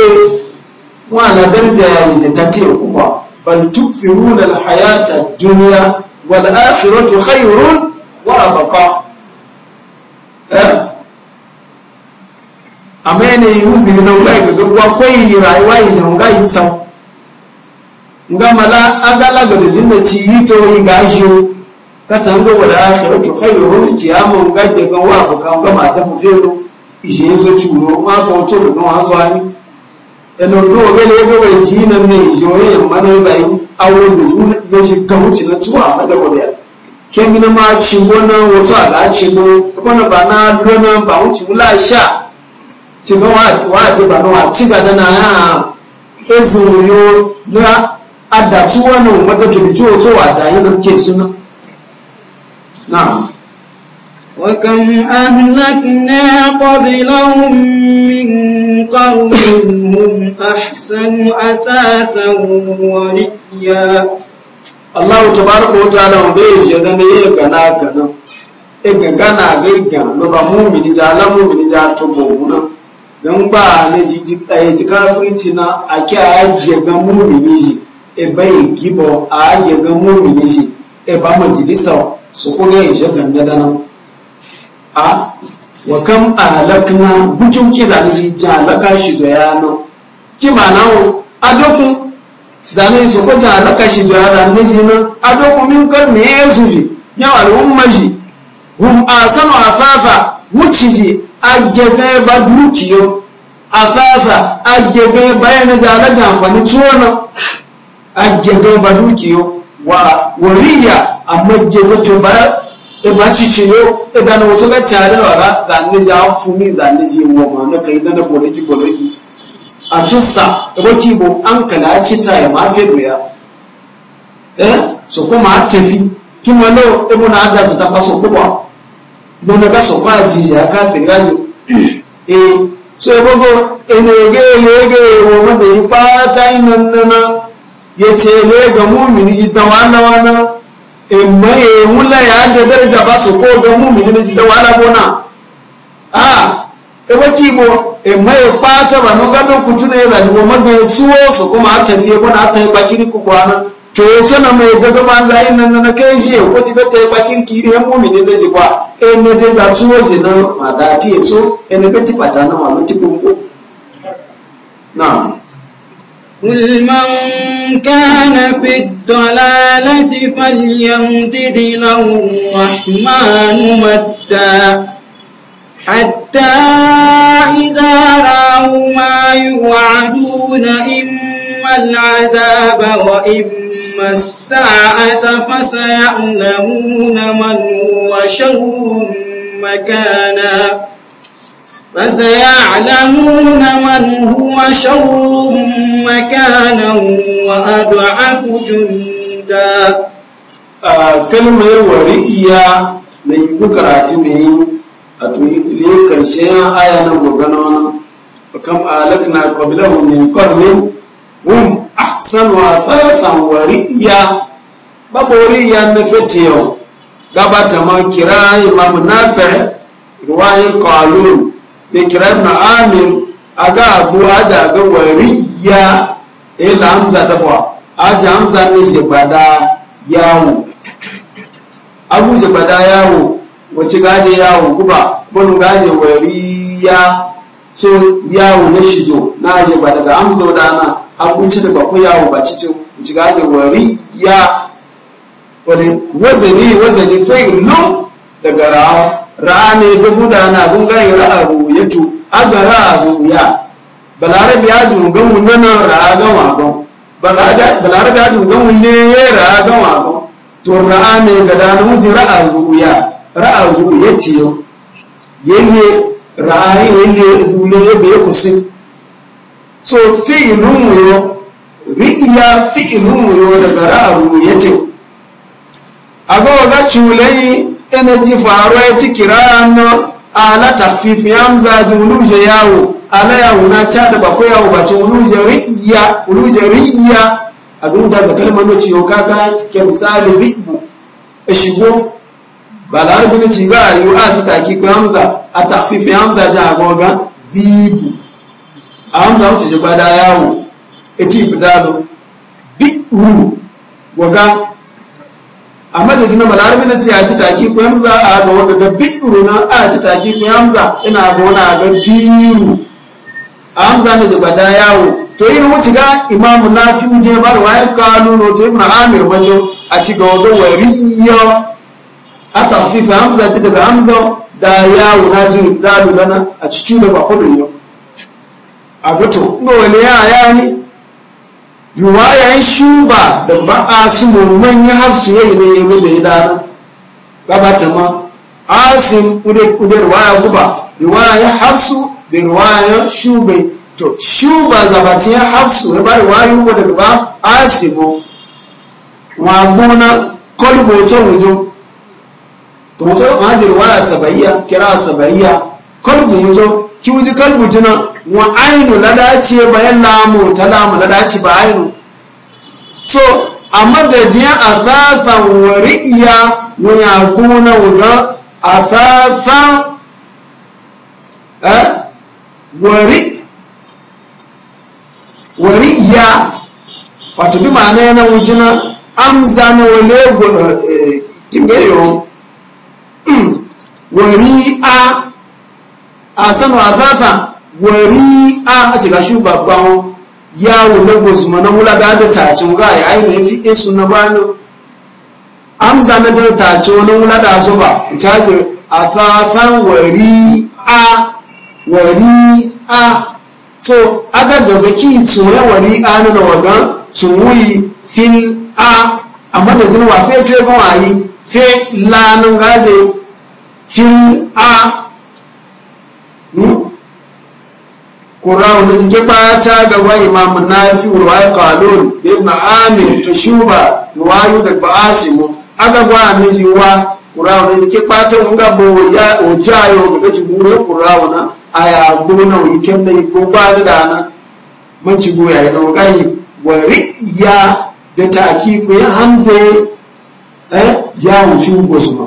wa daraja ya yi ta ci kuwa bal tukfiruna hayata dunya wal akhiratu wọ́ọ̀rọ̀ kọ̀ọ̀kan amma yanayin na wula ga gagwa kwayi rayuwa yi jan ga yi tsam nga mala agala ga da jinda ci yi to yi ga ka tan ga wala akhiratu khayrun qiyama ga da ga wa ko kan ga ma da mu fero ishe yaso churo ma ko to do no aso ani eno do ga ji nan ne jo yi mana bai awo da juna da shi kawuci kemi na ma chimbo na ba na lona ba un chimbo la sha chimbo wa wa de ba no wa na na ha ezuru yo na adatu wa to bitu wotu wa suna na wa kam ahlakna qablahum min qawmin hum ahsanu atatan wa riya ta tabaraka ko ta'ala wa bai je da ne ya gana gana e ga gana ga ga no ba mu'mini za la mu'mini za to bo na dan ba ne ji ji ai ji kafirci na a ki a je ga mu'mini ji e bai gibo a je ga mu'mini ji e ba majalisa su ko ne je ganna da nan a wa kam ahlakna bujun ki za ni ji halaka shi da yana ki ma na nawo adofun zane su ko ta na kashi da zane ji nan a dokumin kar me ya su ji yawa al'umma ji hum asanu afafa a agege ba dukiyo afafa agege bayan zane ta amfani a agege ba dukiyo wa wariya amma gege to ba eba ciciyo idan e wasu ga tare da wara zane ji a fumi zane ji wa ma na kai da na boleki a cinsa roki bo an kala ta ya mafi doya eh so kuma a tafi kuma lo ibu na ada su tafa so kuma don daga so kwa ji ya ka fi gajo eh so ibu go enege lege wo ma be pata nan nana yace le ga mu'mini ji tawana wana e mai hula ya da daraja ba so ko ga mu'mini ji tawana bona ah ebaki bo emaye kwata vanogado kutuna ezaliwo magetsuwoso kuma atafiye kona ataiba kiri kukwana coso na maegaga banza ainanana kezie kuti betaiba kiri ya kiri emumini ndezikwa ene tezatsuwo zina madati etso ene betipatana walotikungu na قل من كان في الضلالة فليمدد له الرحمن مدا حتى إذا رأوا ما يوعدون إما العذاب وإما الساعة فسيعلمون من هو شر مكانا فسيعلمون من هو شر مكانا وأضعف جندا كلمة ورئية ليبقى راتبين a tuli karshen aya nan gobana wani kam alakna qablahum min qarnin hum ahsanu athathan wa ri'ya babu ri'ya na fete yau gabata ma kira imam nafi ruwayi qalun da kira ibn amir a ga abu a ga ga wa ri'ya eh, la hamza dafa aja hamza ne shi bada yawo abu shi bada yawo wace gade yawo guba wani gade ya so yawo na shido na aje ba daga amsa wadana abinci da bakwai yawo ba cikin wace gade ya wani wazani wazani fai lum daga ra'a ra'a ne ga gudana gun gaya ra'a a ga ra'a ruwaya balarabi ya ji mugan mun nan ra'a gama ba? balarabi ya ji mugan mun ne ra'a gama gon to ra'a ne ga da namiji ra'a ya. ra'a zuwa ya tiyo yanye ra'a yanye zuwa ya bai kusi so fi'ilun wuro ri'iya fi'ilun wuro daga ra'a zuwa ya tiyo a ga waga culai energy faruwa ya ci kira na ala takfifi ya mza ji wuluje yawo ala ya wuna ca da bakwai yawo ba ce wuluje ri'iya wuluje ri'iya a ga wuta zakalman da ciyo kaga ke misali ri'ibu a balawar bin ci ba a yi a ta ko hamza a takfifi hamza da agoga zibu a hamza wuce ji bada yawo eti fidalo bi'uru waga a madadin na balawar bin ci a ta taki ko hamza a ga waga ga na a ta taki ko hamza ina ga wani ga biru a hamza da ji bada yawo to irin wuce ga imamu na fi je ba da wayan kanu no to ibn amir bajo a ci ga waga wariyo a tafifa hamza ta daga hamza da yawo na ji dalu dana a cikin da bakudin yau a gato ga wani yaya ne riwaya ya shuba da ba ba'a su mummun ya har su yi ne yi da ya dana gabata ma asim ude ude riwaya guba riwaya ya har su da riwaya shube to shuba zabati ya har su ya ba riwaya guba daga ba asimu wa gona kolbo to wujo to mutum mahajir waya sabaiya kira sabaiya kalbu mutum ki kalbu jina wa ainu ladaci bayan lamu ta lamu ladaci ba ainu so a madadin asasan wari iya wuya gona wuga asasan eh wari wariya wato bi ma'ana yana wujina amza na wale eh, eh, kimbe yau wari'a a a afafa wari'a a cika shi babban yawo na gozuma na wula da da tacin ga ya mai fi isu na bani amza na da tacin wani wula da su ba a afafan wari'a wari'a so aga da baki tsoye wari'a na wagan tumuyi fil a amma da jin wafe ce ga wayi fe lanin gaze hin a ƙurawa hmm? da suke ɓata gaba imamu nafi ruwa kalon ibn amir ta shuba ruwayu da ba'asimu aga gwa na jiwa ƙurawa da suke bata mun gaba ya ojayo daga jibuwar ƙurawa na a ya gona wani kyan da yi ko ba da dana man cigo ya yi wari wa ri'ya da ta'aki ku ya hanze. eh ya wuce ugo su ma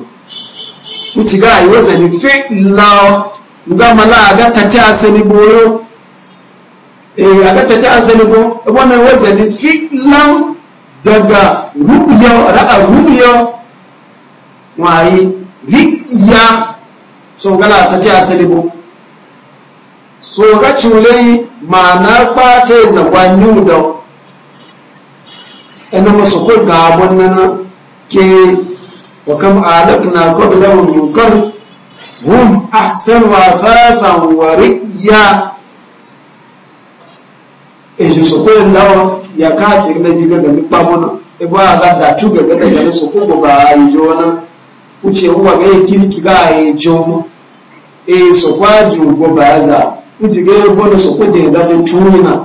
wuce ga yi wasa ni fe lawo nga mala aga tati asali boyo eh aga tati asali bo wannan wasa ni fe lawo daga rubiyo daga rubiyo wayi riya so gala tati ni bo so e ga yi ma'ana kwata zagwanni da ɗan masu ko ga abun nan ke wa kam alakna qablahum yunkar hum ahsanu afasan wa ri'ya èsì sọ̀kọ́ ìlàwọ̀ ya káàkiri méjì gẹ́gẹ́ ní pamọ́nà ẹgbọ́ àgádà tó gẹ̀gẹ́ gẹ́gẹ́ ní sọ̀kọ́ gbogbo ààyò ọ̀nà ó ti ẹ̀wọ́ wàgẹ́ kíríkì láàyè jọ mọ́ èyí sọ̀kọ́ àjò gbogbo àyàzà ó ti gẹ́gẹ́ bọ́ọ̀lù sọ̀kọ́ jẹ́ ìdájọ́ túnmí náà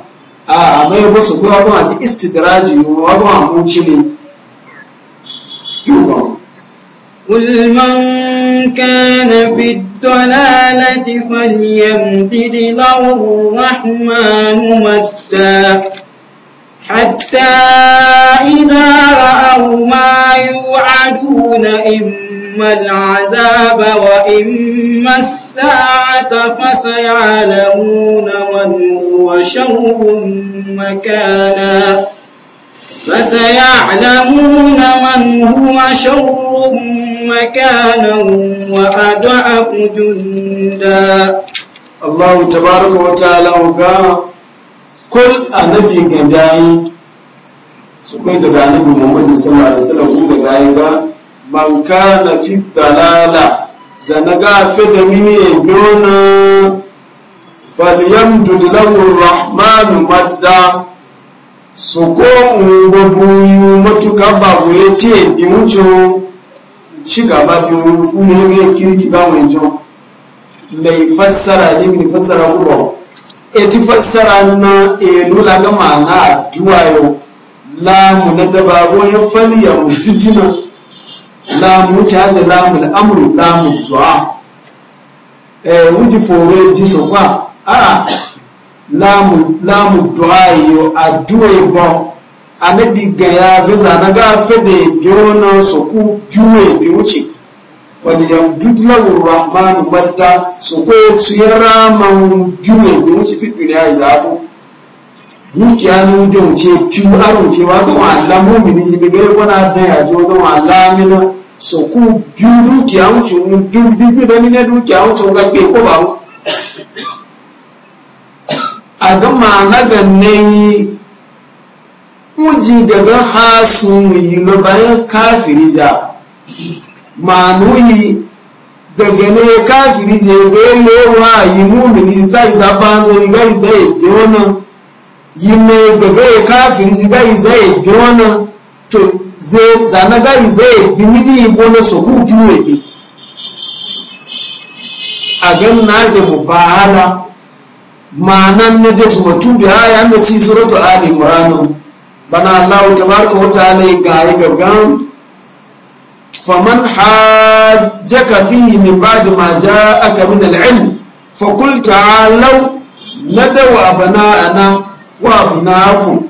àmọ́ ẹgbọ́ sọ̀kọ́ wàgbọ́n àti ìsìtìdárájì wàgbọ́n àmúchílẹ̀ قل من كان في الضلالة فليمدد له الرحمن مسدا حتى إذا رأوا ما يوعدون إما العذاب وإما الساعة فسيعلمون من هو شر مكانا فسيعلمون من هو شر مكانا وأضعف جندا الله تبارك وتعالى قال كل النبي قدائي sukai da annabi Muhammad sallallahu alaihi wasallam daga yi ga man kana fi dalala zanaga fi da mini yona falyamdud lahu rahmanu madda soko ngo buyu matuka babu yete ni mucho shiga babu mfumo ne kirki ba wenjo mai fassara ne mai fassara kuba eti fassara na e dole ga mana duwayo lamu na daba ya fali ya mututina lamu ta za lamu al la lamu du'a eh wuti foro ji sokwa a ah, lamu du'ayo aduwe bo anabi gaya gaza na ga fede biona so ku juwe bi wuce wani yan dudla rahman wadda so ko tsira man juwe bi wuce fi duniya ya abu dukiya ne da wuce ki arun ce wa ga Allah mu'mini shi ga yana da ya jo ga Allah mina so ku bi dukiya wuce mu bi bi da ni ne duki dukiya wuce ka gbe ko ba a ga ma'ana gannayi uji daga hasu yi na bayan kafiri ja ma'anuyi daga ne kafiri ya ga yin lewa yi yi mumini yi zaba yi za zai bi wannan yi ne daga ya kafiri ji za zai bi wannan to zana ga yi za zai bi mini ibo na sogu biyu bi a ganin na je mu ba hala manan na jesu mutum da haya na ci suratu ali imran bana allah tabaraka marka ta'ala ga yi gaggan faman hajjaka fihi min da ma ja'aka min al-ilm fa na ta'alu nadaw abana'ana wa abna'akum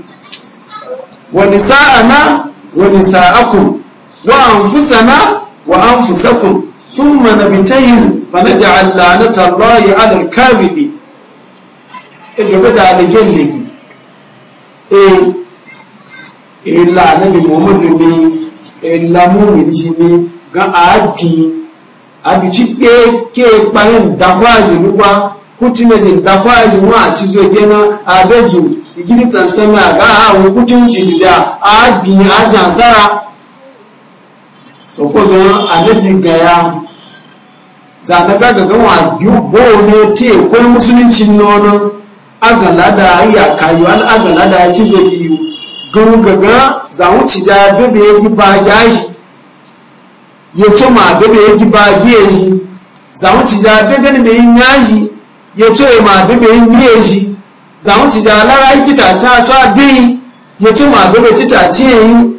wa nisa'ana wa nisa'akum wa anfusana wa anfusakum thumma nabtahil fa naj'al la'nata allahi tallahi alal kadhibin ẹgbẹ̀gbẹ̀ ta lè gé lèkì ee èlà anábì muhammadu ni èlà múmi ní ṣe ní gan àágbì àbìtí pé kí ẹ parí ìdákọ́ àjò nípa kú tí lè wọn àti ìjọ ẹgbẹ́ náà tí ó ń jì dìdà àágbì gan ga gawa biyu gone nono agala da ya kayu al agala da ci zo biyu gaugaga za mu ci da bebe ya ba gashi ya ce ma bebe ya ba geji za mu ci da bebe ne mai yaji ya ce ma bebe ya geji za mu ci da lara kita ta ta bi ya ce ma bebe kita ce yi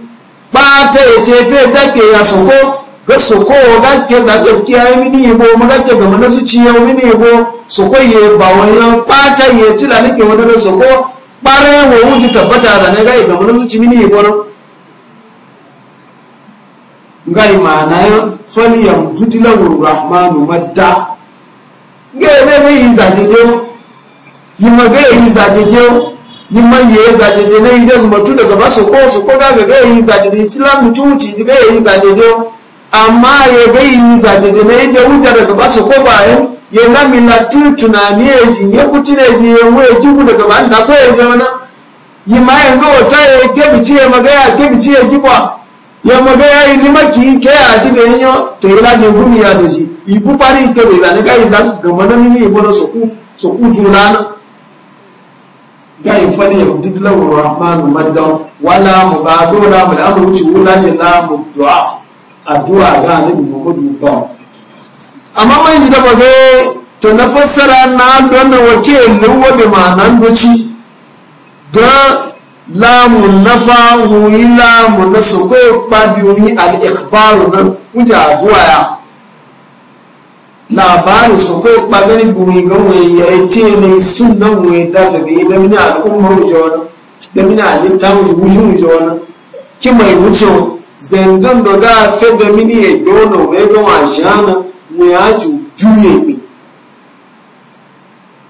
ba ta ya ce fe dake ya soko ga sokowa ga ke za gaskiya ya mini yabo ga ke gama na yau mini yabo soko ye ba wani bata ye ci da nake wani soko bare wa wuji tabbata da na ga gama na zuci mini yabo na ngai na ya fali ya mtudi la rahmanu madda ga ne ne ye ne daga ga ge iza jeje ci la mutu ci amma ya gai zadede na yadda wuta daga basu ko bayan ya na tun tunani ya zi ya kuti na zi ya mu ya daga bayan da ko ya zama na yi ma ya ga wata ya gabi ci ya magaya gabi ci ya gibwa ya magaya yi ni maki ke ya ji da yanyo ta yi lajin gumi ya da shi ibu fari ke bai zane ga yi zan gaba na nini ibu na soku soku juna na ga yi fani ya duk lawar rahmanu madan wala mu ba dora mu da amurci wula shi na mu du'a addu'a ga annabi Muhammadu ba amma mai zida ba ga ta na fassara na don wakilin wadda ma'anan doci don lamun nafa huyi lamun na su kwaye kpabi huyi al'ikbaru nan wuce addu'a ya labarin su kwaye kpabi ni buri ga wani ya yi ce ne sun nan wani da zabe da mini al'ummar wuce wani da mini halittar wuce wuce wani ki mai wucewa zengan da ga fe da mini e dono we ga wa jana mu ya ju biye mi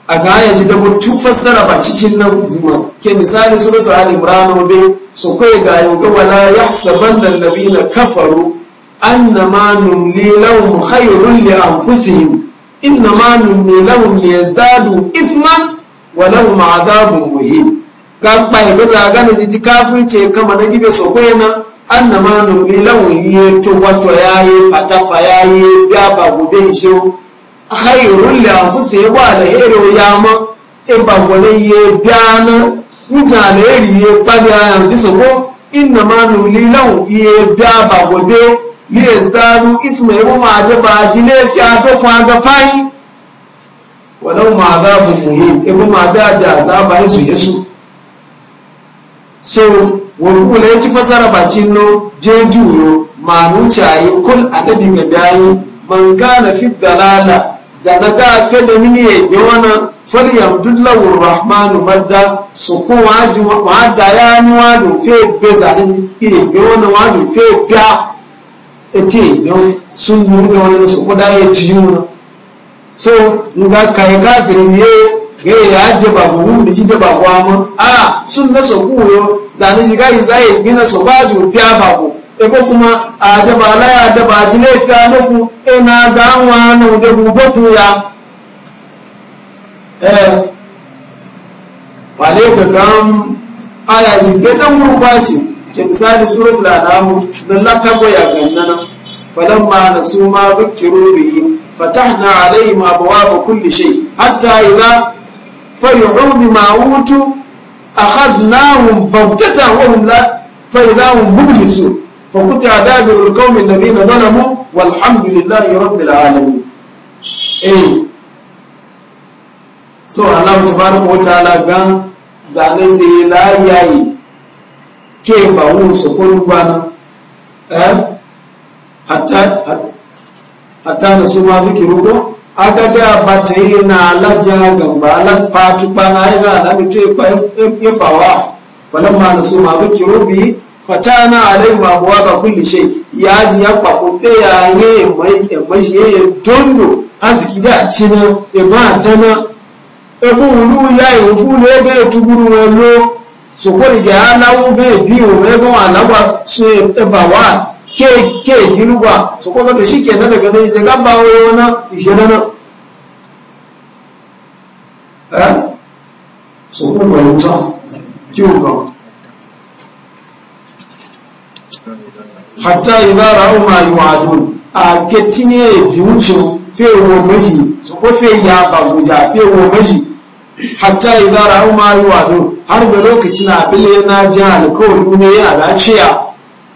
a ga ya ji da bu tu fassara ba cikin nan kuma ke misali suratu ali imran be so kai ga yo ga wala yahsabanna alladhina kafaru annama numli lahum khayrun li anfusihim innama numli lahum liyazdadu isman wa lahum adhabun muhin kan bai ga zaga ne ji kafirce kama na gibe so na no annama numli lahum yeto wato yayi fatafa yayi gaba gobe shi khairul li anfusihim wa alheri ya ma ibagole ye biana mutane eri ye pabi ayan disogo innama numli lahum ye gaba gobe li yazdaru isma yabu ma ajaba jile fi adokun agafayi walau ma adabu muhim ibu ma da da yi su yesu so wani ya ci fasara bacin no je juyo ma nucaye kul annabi ga dayi man kana fi dalala zana ga fe da mini ya yi wana faryam dullahu rahmanu madda su ko waji wadda ya ni wadu fe be zane yi wana wadu fe biya ete don sun nuna wani su kuda ya ci yi wana so nga kai kafirin ye ye ya je ba mu mu ji je ba kwa mu a sun na so kuyo zani shi gai zai gina so ba ju pya ba ko e ko kuma a da ba la ya da ba ji ne fa na ku e na ga wa na da bu do ku ya eh wale ka gam aya ji ga dan kwa ce ke misali suratul anam dan la ka go na gannana falamma nasu ma dhukiru bihi فتحنا عليهم أبواب كل شيء حتى إذا fayu'u bima utu akhadnahum bawtatan wa hum la فإذا هم مبلسون فقطع دابر القوم الذين ظلموا والحمد لله رب العالمين eh so Allah tabaraka wa ta'ala ga zane zai layayi ke ba wun su kun bana eh hatta hatta na su ma biki agada bata yi na alaja gamba alakpa tukpa na ayi na alamitu ifawa falon ma na so ma bi kiro bi fata na alai ma buwa ba kulli shai ya ji ya kwakwa ya yi mai ya yi dondo aziki da cina ebe adana ebe wulu ya yi ofu na ebe tuguru welo sokwari ga alawo ga ebi wo ebe wa alawa so ebe wa ke ke giluwa su kuma to shi ke na daga nan zai gaba wa wani ishirin nan eh su kuma ba wuta kiwon ba hatta idan ra'u ma yu'adun a ke tinye biwucin fewo maji su ko fe ya ba guja fewo maji hatta idan ra'u ma yu'adun har da lokaci na bile na jihar kawai duniya da ciya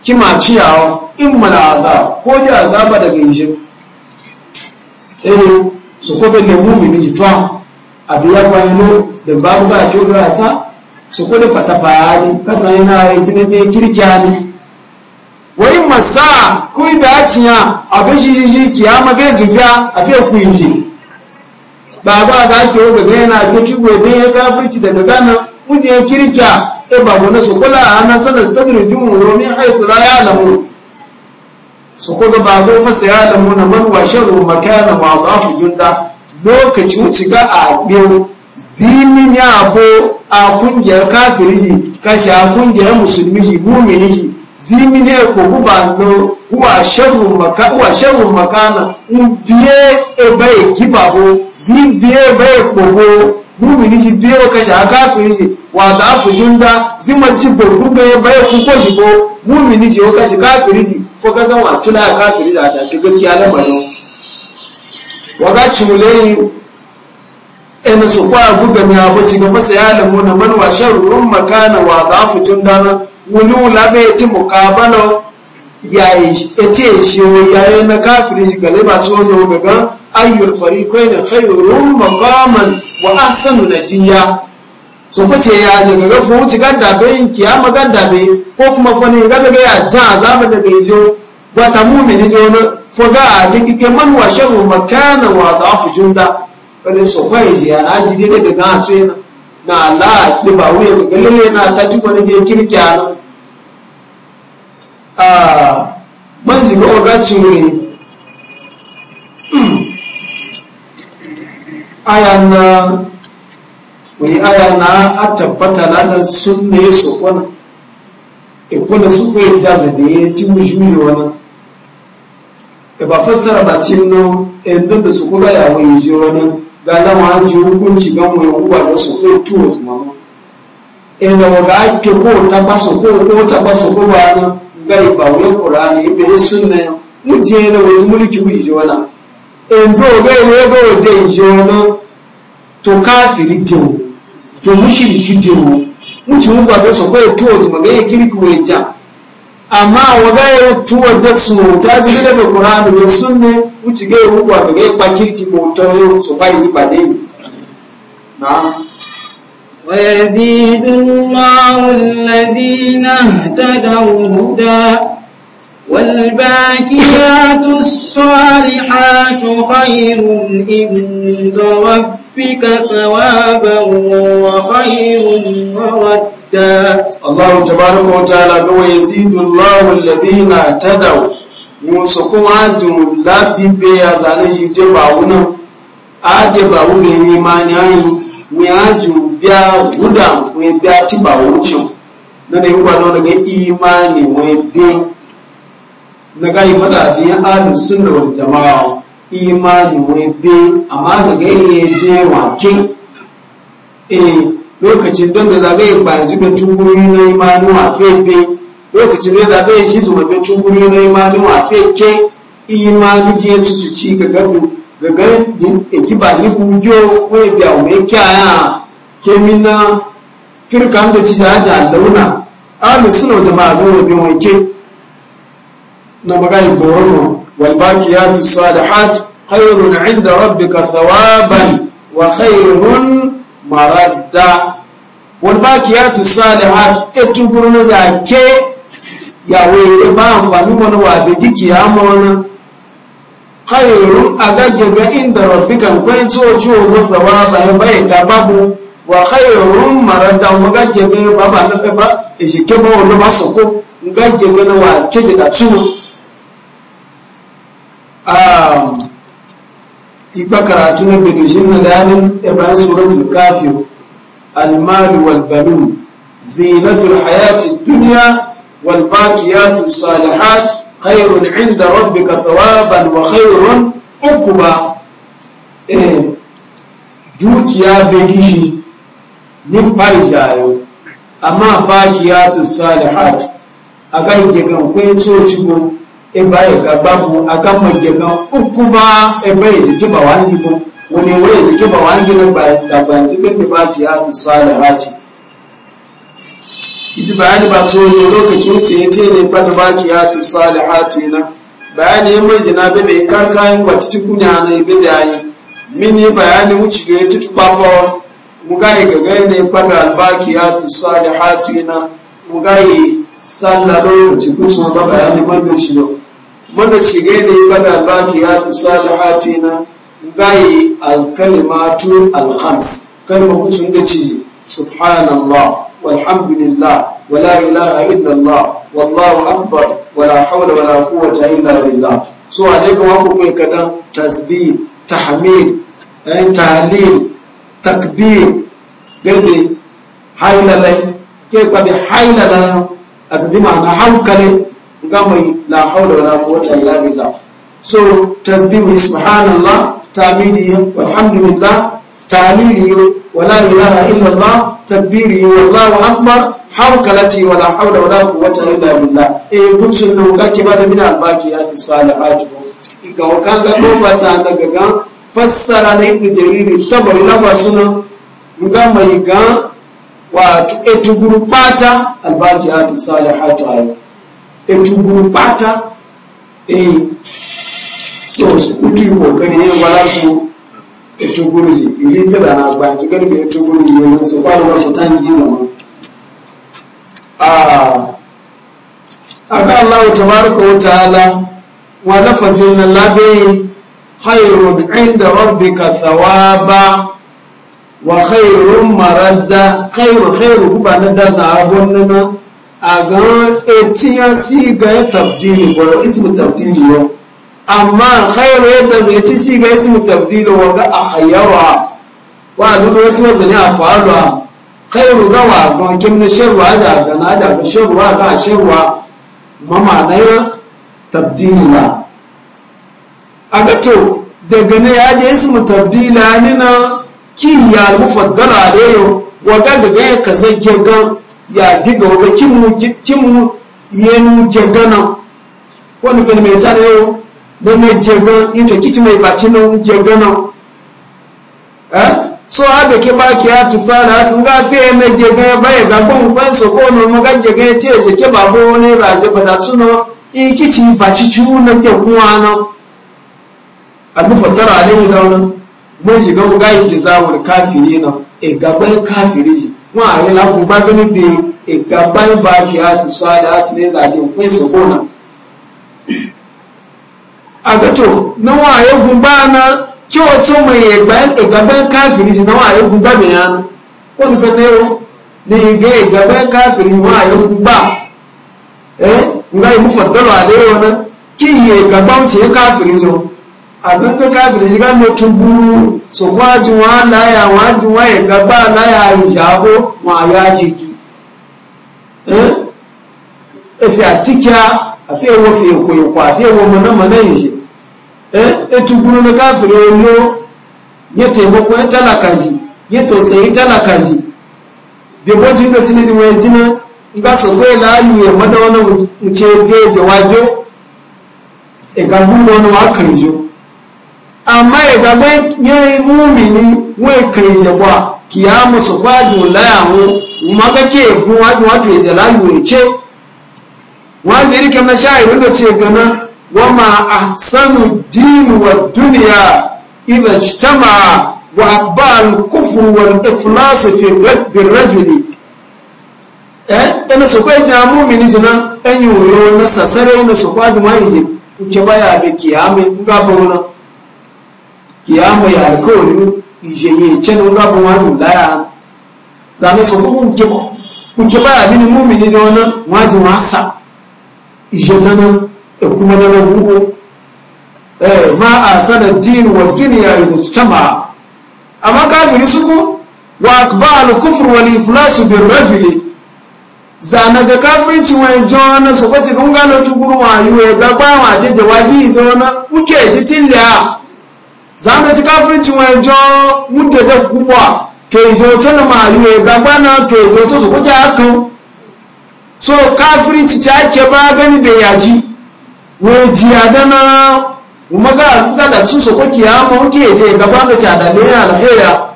kima ciyawa in malaza ko da azaba daga yishin eh su ko bin da mumini ji twa abiya bayano da babu ba ki rasa su ko da fata bayani kasa yana yi kina je kirkiya ne wa in masa ko da ciya abin shi shi kiyama bai jufiya a fiye ku yi shi ba ba ga ki ga yana ko ci gobe ya kafirci daga ganan muje kirka e ba gona su kula ana sana stadri jumu domin haifu la ya lamu su kuga ba fasa ya lamu na man wa sharu makana ma ba fu junda lokaci wuce ga a biyu zimin ya abo a kungiyar kafiri kashi a kungiyar musulmi shi mumini shi zimin ya ko guba no wa sharu maka wa sharu makana biye e bai kibabo zin biye bai kogo mumini shi biyo kashe a kafin shi wa da afu junda zima ci burbuga ya baya ku ko shi ko mumini shi ka shi kafiri shi ko ka ga tuna ya kafiri da ta ta gaskiya na bano wa ga yi en su kwa guga mi abu ci ga fasa ya lamu na man wa rum makana wa da afu junda na wani wula bai ya ti mukabala ya ete shi ya na kafiri shi ga leba tsoron gaga ayyul fariqain khayrun maqaman wa ahsanu najiya so kuce ya je ga gafu wuce be? bai kiyama gadda be? ko kuma fa ne ga ga ya ja zaba daga yajo wata mu'mini jo na foga da kike man wa sharru makana wa da'fu junda wani so kai je ya aji dai daga ga tuye na na Allah da ba wuya ga galle na ta ci ko je kirkiya na ah man ziga oga cimre aya na wai na a tabbata na da sunne su kwana ikuna e su ko yadda zabe ya ti mujuyi wani e ba fassara ba cin no e da su kuma ya wani ji wani ga lama an ji hukunci ga mu da su ko tuwo su mama e da waga ake ko ta ko ko ta basu ko ba na ga ba wani qur'ani be sunna mu je na wani mulki ku ji wani endo gẹ́gẹ́ ẹgbẹ́ òde ìṣẹ́ ọ̀nà tó káàfìrí dìwò tó múṣìlìkì dìwò múṣì ń gbàgbé sọ pé ètò òzùmọ̀ lẹ́yìn kíríkù ẹja àmọ́ àwọn gáyẹ̀ tó wọ́n dẹ́sù òtá jíjẹ́ lẹ́gbẹ̀ẹ́ kọ̀ọ̀rọ̀ àmì lè sún ní múṣì gẹ́gẹ́ ìwúgbà àgbẹ̀gẹ́ kíríkì mọ̀ ọ̀tọ́ yóò sọ báyìí والباكيات الصالحات خير عند ربك ثوابا وخير مردا الله تبارك وتعالى ويزيد الله الذين اهتدوا musukum ajun labibe azaleji te bawuna ate bawuna imani ayi we ajun bia wuda we bia ti daga imani we bi? na gayi madabin alin sunna wal jama'a imani wai be amma ga gaiye be wake eh lokacin don da zagaye ba ji be tunguri na imani wa fe be lokacin da zagaye shi su mabin tunguri na imani wa fe ke imani ji ya ci ga gado ga ga ekiba ni kujo wai wai kyaya kya kemina firka da ci da ja launa alin sunna wal jama'a don wai ke. wake na magayin borno walbaki ya fi da hat khairun inda rabbika thawaban wa khairun maradda walbaki ya fi da hat etu gurnu zake ya wuri ba amfani wani wa da diki ya ma wani khairun a inda rabbika kwai tsoci wa ba thawaba ya bai ga babu wa khairun maradda mu gaggaga ba ba na ba ishe ke ba wani ba soko gaggaga na wa ke da tsoro Um, igba karatu na bedushin na dalin ɗaban e suratul kafir almalu wal balun zinatul hayati duniya wal baqiyatu salihat khairun inda rabbika thawaban wa khairun ukuba e, dukiya be gishi ni bai jayo amma baqiyatu salihat akan gegan kwai tsoci mu eba ya gababu akan magigan uku ba eba ya jiki ba wani ba wani waya jiki ba wani gina ba da dị jikin da ba ki yati sala rati iti ya na bayani ya mai jina bebe kan kayan titi kunya na ebe dị anyị mini bayani na ya titi gaga albaki ya mana shige ne bada bakiyatu salihati na gayi alkalimatu alhams kalma kucin da ci subhanallah walhamdulillah wala ilaha illallah wallahu akbar wala hawla wala quwwata illa billah so dai wa ku kai kadan tasbih tahmid ay eh, tahlil takbir gade lai ke ba bi haylala abdi ma'ana hankali ga la haula wala quwwata illa billah so tasbihu subhanallah tamidi walhamdulillah talili wala ilaha illa allah wallahu akbar hawkalati wala haula wala quwwata illa billah e butsun da kake ba da bin albaki ya ti ga wakan ga ko ba ta daga ga fassara da ibn jarir tabari na ga mai ga wa e, tu etu gurbata ya salihat ayi etuguru pata eh so sukutu yi kokari yin wala su etuguru ili fida na agba to gani be etuguru ji yana so kwalo ba so tan yi zama ah aga Allah tabaraka wa ta'ala wa lafazin labi khairun inda rabbika thawaba wa khairun maradda khairu khairu kuba na da zabon nan a gan ya si gan tafdili wala ismu tafdili yau amma khairu yadda zai ci si ga ismu tafdili wa ga ahyawa wa dudu wata wazani a faruwa khairu gawa gan kimna sharwa da ga na da ga sharwa ga sharwa mama na ya tafdili la a ga to daga ne ya da ismu tafdila ya na ki ya mufaddala da yau wa ga daga ya kaza ke gan ya diga wa kimu kimu yenu jegana wani pene me tare yo na me jega into kiti me bachi no jegana eh so abe ke ba ki atu fara atu ga fi mai jega ba ya ga bon kwan so ko no mo ga jega ti e ke ba bo ba ze ba tuno i kiti bachi ju na ke kuwana abu fatara alaihi dawlan mun shiga ga yi jazawul kafirina e gaban kafiriji wọn àrí lápò bá gbé níbi ìgbà báyìí báàkì àti sọ́ọ́dà àti lẹ́sà àti òpin ìsìnkú náà. àgbẹ̀tò níwọ̀n àyẹ̀gùn bá ná kí wọ́n tó mọ ìgbà bẹ́ẹ̀ káfìrí sí níwọ̀n àyẹ̀gùn bá mi hàn ó ti fẹ́ náírà ní ìgbé ìgbà bẹ́ẹ̀ káfìrí níwọ̀n àyẹ̀gùn bá ẹ̀ ńlá ìmúfọ̀tọ́lọ̀ àdéhùn náà kí ìyẹ̀ ìgbà bá ń tiẹ̀ káfìrí abin ka kafin shiga mutum buru su kwaji wa laya waji waye gaba laya yi shago wa ya jiki efi atikya afi ewo fi ekwo ekwo afi ewo mana mana yi na kafin ya taimako ya ya tausayi bai da jina ga su zai ya mada wani mace e amma ìgbàgbé yẹn múmi ni wọ́n kiri ìyẹ̀wà kì á mú sọ̀pá àjò láyàwó wọ́n kẹ́kẹ́ ègún wájú wájú ìjà láyò èché wọ́n sì rí kẹ́mẹ́ ṣáà ìwé lọ́tí ìgbẹ́ná wọ́n máa àsánù wa wà dúnìyà ìlà wa wà àbáàlù kófù wà ìfúláṣù fi bẹ̀rẹ̀jùlì ẹ́ ẹni sọ̀pá ìjà múmi ni jìnnà ẹ̀yìn na sàṣẹ́rẹ́ ẹni sọ̀pá àjò wáyé ìjẹ̀báyà àbẹ̀kì àmì ń gbàgbọ́ náà kiyamu ya alkawari ijeye cin wanda ba wani laya zane su kuma kuke ba mu ba abin mumini da wani wajin wasa ije ta nan da e kuma na nan Eh ma a sanar dini wal duniya ya ta ma amma kafiri su ku wa akba al kufr wal iflasu bir rajuli zana ga kafirci wani e jona su kwace kun gano tukuru wa yi wa ga ba wa je jawabi zona kuke ji tilya za zama ci kafirci wani jo mutu da kubuwa to izoto na malu ya gaba na to izoto su kuka hakan so kafirci ci ake ba gani bai yaji wai jiya da na umaga da su su kuka ya mawuke da ya gaba da ci a dalilin alhera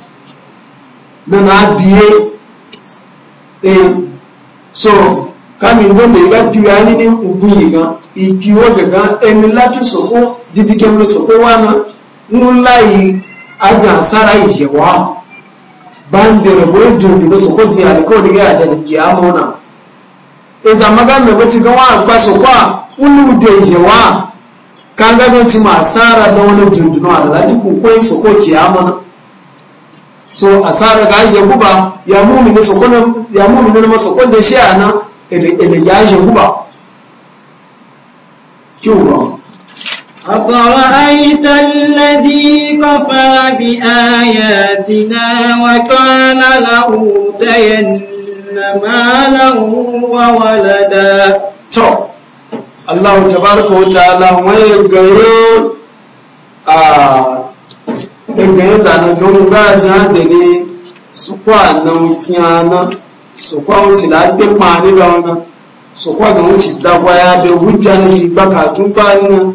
na na biye e so kamin don da ya juya ni ne ugun yi gan ikiwo gaga emi lati soko jijike mi soko wana ńlá yìí ajá sára ìṣẹ̀wá bá ń bèrè bó ń dùn nínú sọ̀kọ́ ti àdìkọ́ òdìgẹ́ àdàdì kì á mọ́ náà ti gan wá àgbà sọ̀kọ́ à ńlú ìṣẹ̀wá kanga ti máa sára dán wọn dùn dùn náà so asara guba ya ne shi ana أفرأيت الذي كفر بآياتنا وكان له دين مالا وولدا to Allah tabaraka wa ta'ala wai gayo a daga yin zanen don da ne su kwa naukiyana su kwa wuce da ake mani da wani su kwa da wuce da hujja na yi baka tun kwanin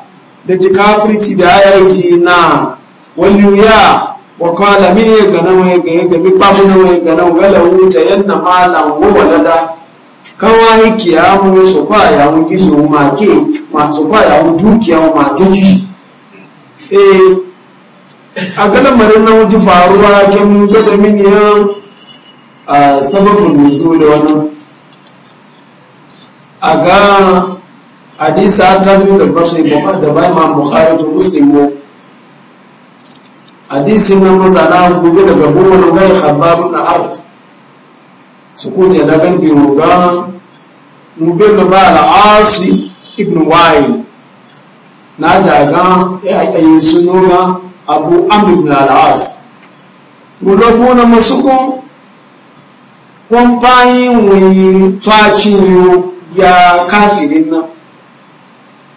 da ji ci da yi shi na wani wa kala min ya gana wa ya ga ya babu na wa ya gana wa gala wuta yanna malam wa walada kawa yi kiyamu su kwa ya mu gizo ma ke ma su kwa ya mu dukiya ma duki eh a ganin marin na wuce faruwa kin gada min ya a sababin nutsu da wani a ga hadisa ta zo da basri ba da bai ma bukhari to muslimu hadisin nan mazana gobe daga goma ga khabbab na ard su ko je da gan biyo ga mu be ga ba al-asi ibn wa'il na ta ga ya eh, ayi suno ga abu amr ibn al-as mu lo ko na musuko kon payin wi tsaci ya kafirin nan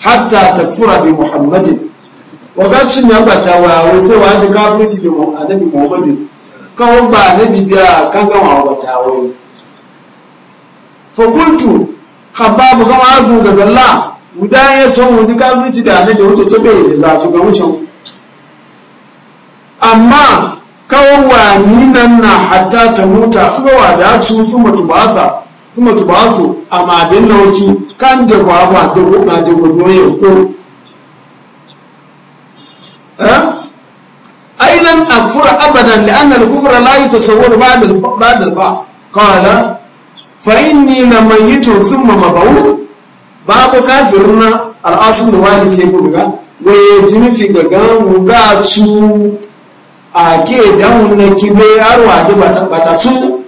hatta takfura bi muhammadin wa gabshin ya bata wa wai sai wa ji kafirci bi annabi muhammadin kawo ba annabi biya kan gama wata wai fa kuntu khabbab gama agu ga galla guda ya can wuji kafirci da annabi wuce ce bai za su ga wucin amma kawo wa ni nan na hatta ta muta kawo da su su mutu ba kuma su amma abin na wuce kan da ba ba da kuma da kuma ya ko eh? ailan akfura abadan da an alkufra la yi tasawwar ba da ba kawala fa inni na mayyito thumma ba babu kafirin na al'asun da wani ce ku ga waye jinifi ga gamu ga cu a ke damun na kibe arwa da ba ta su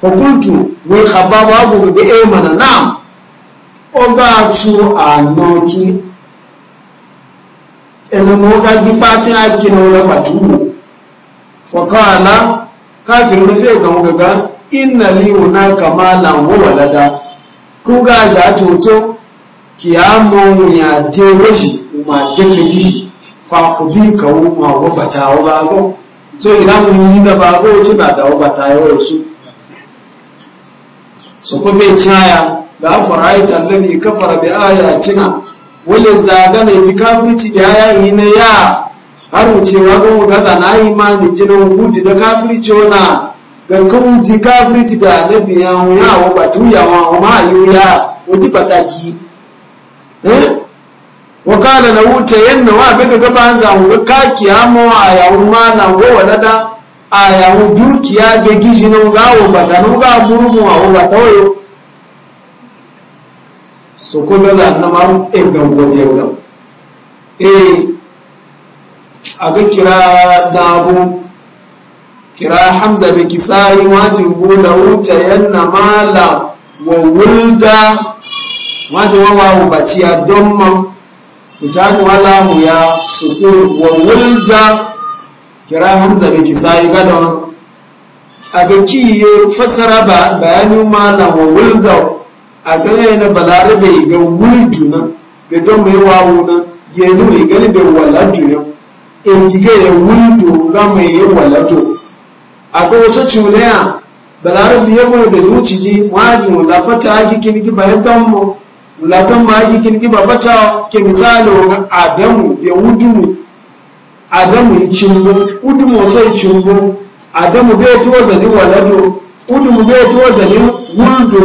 fakultu ni khababu abu bi emana nam oga tu anoki ene mo ga gi pati akino la patu fakala kafir da fe ga mugaga inna li hunaka malan wa walada ku ga ja toto kiyamo ya te roshi ma te kiji fa ka ma wa bata wa so ina mun yi da ba ci ba da wa su su kuma caya da afaraita alladhi kafara bi ayatina wale zaga ne ji kafirci da yayi na ya har wucewa don gaza na yi ma imani jinin hudu da kafirci wana gankan ji kafirci da nabi ya wuya wa batu ya wa ma yi wuya wani bataki eh wakala na wuta yanna wa gaba an zamu ka kiyamo a yawun malam go wadada Aya ayawo dukiya be gijina mu batana nga murumu so ko da bela na maru enga ga E aga kira bu kira hamza be kisai wajibu da wuta yanna mala wa wulda wajibu wa batia domma mtaani wala ya sukuru wa wulda kira hamza da kisayi gadon a ga kiye fasara bayanin malam wa wulda a ga yana bai ga wulduna ga don mai wawo na ya nuna gani bai walatu ya e in giga ya wuldu ga mai yi walatu a ga wata cunaya balare ya mai da zuciji wajin lafata ake kirki bayan damu lafan ma ake kirki ba fata ke misali wani adamu ya wudu adamu yi cimbo utu mu yi cimbo adamu bai tuwa zani waladu. Udu mu bai tuwa zani wuldo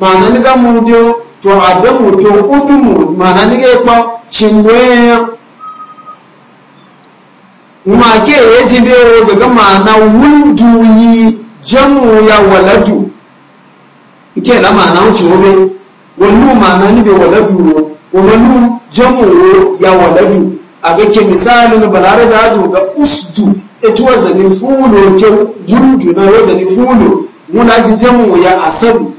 ma'ana ni ga mu dio to adamu to utu mu ma'ana ni ga pa cimbo ya ma ke ya ji bai wo ga ma'ana wuldo yi jamu ya waladu. ike la ma'ana wuce wobe wannan ma'ana ni bai waladu wo wannan jamu ya walado a ga ke misali na balare da hajji ga usdu ita e wazani fulo ke junju na wazani fulo muna ji jamu ya asabu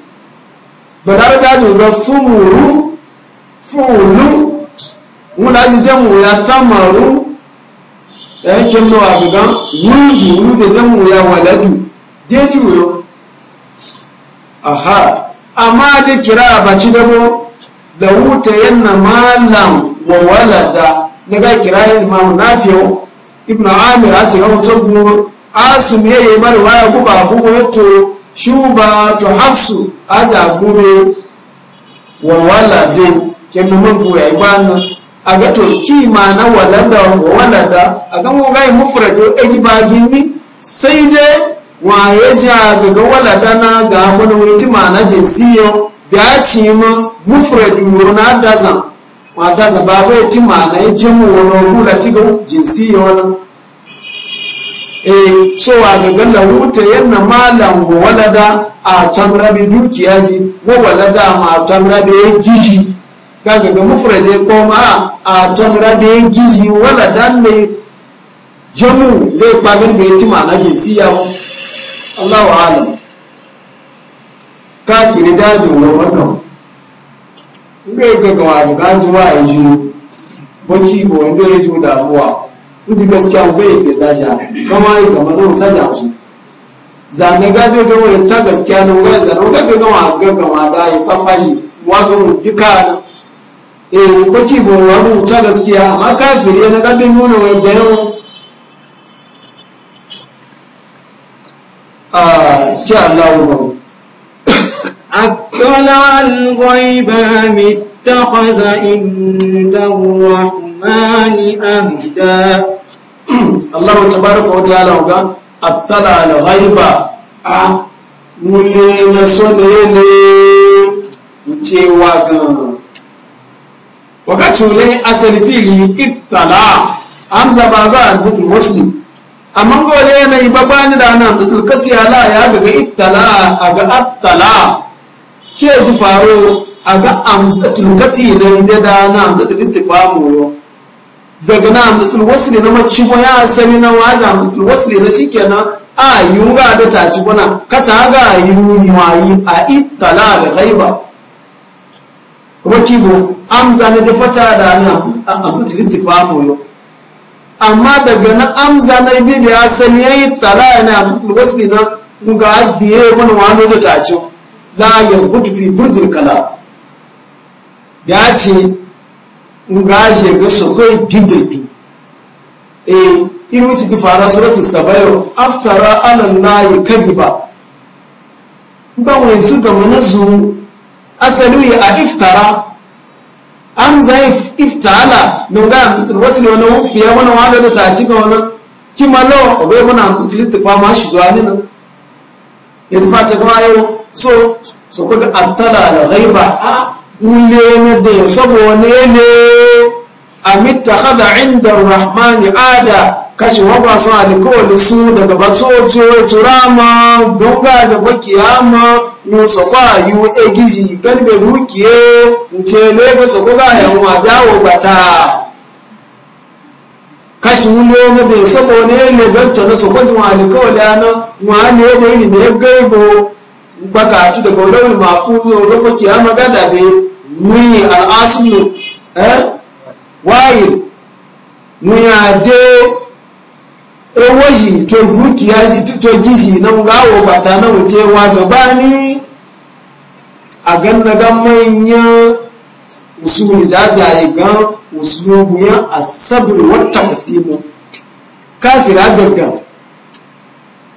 balare da hajji ga fumuru fulu muna ji jamu ya samaru da yankin nawa buga wunju wunju da jamu ya waladu jeji wuyo aha amma da kira a baci dabo da wuta yanna malam wa walada daga kirayen imamu nafiyo ibn amir a cikin hoton guru asim ya yi mara waya guba shuba to hafsu a da gube wa walade mabu ya ibana a ga to kima na walada wa walada a ga mu ga e sai dai wa ya ji walada na ga wani ma na jinsiyo da ya ci ma mufrado na mata sababu ya ti ma'ana ya jin wani kula tiga jinsi ya wani e, so a daga lahuta yanna malam go walada a can rabi dukiya ji go walada ma can rabi ya kaga ga mufrade ko ma a can rabi ya walada ne jamu le pagan be ma'ana Allahu a'lam kafiri dajin wa makam ndo gaga wani ganji wa yi shi bacci ba wanda ya ci damuwa in ji gaskiya ba ya ke tashi kama yi kamar zan saja su zane gado ga wani ta gaskiya na wani zane gado ga wani gaga ma da ya fafashi waga mu duka na eh bacci ba wani ta gaskiya amma kafiri na gado nuna wani da yawan a ah, ci Allah wa أطلع الغيب أم اتخذ عند الرحمن أهدا الله تبارك وتعالى أطلع الغيب mule na sonele cewa gan wakati ne asali fili itala an zaba ga arzikin wasu a gole yanayi babani da ana arzikin kati ala ya daga itala a ga attala ke ji faro a ga amsatul kati na da da na amsatul istifamu daga na amsatul wasli na maci ko ya sami na waza amsatul wasli na shikenan a yunga da ta ci kuna kata ga yuni wayi a itala da gaiba kuma cibo amza ne da fata da na amsatul istifamu amma daga na amza na bibi ya sami yayi tara na amsatul wasli na ga biye mana wani da ta ci la yahutu fi burzul kala ya ce ngaje ga so kai gidabi eh irin ci fara suratul sabayo aftara ala nayi kadhiba ba wai su ga manazu asali a iftara an zai iftala don ga antutul wasu ne wani fiye wani wani da ta cika wani kimalo obai wani antutul istifa ma shi zuwa ne nan ya tafi ta gama yau so so kuka antala da ghaiba a wule na da sabo ne ne hada inda rahmani ada kashi waba sun alikawali su daga batsoto ya e turama don gaza ba kiyama nusa kwa yi e wa egiji dukiye ba su kuka yawa dawo bata kashi na da sabo ne ne su ne da ne gaibo bakatu da wadawul mafuzu wa rufa hama gada da muni al'asmi eh wayin muyade ewoji to dukiya to gishi na ngawo bata na gaba ni a ganna ga manya usuli jajaye ga usulubu ya asabir wata kasimu kafira gaggan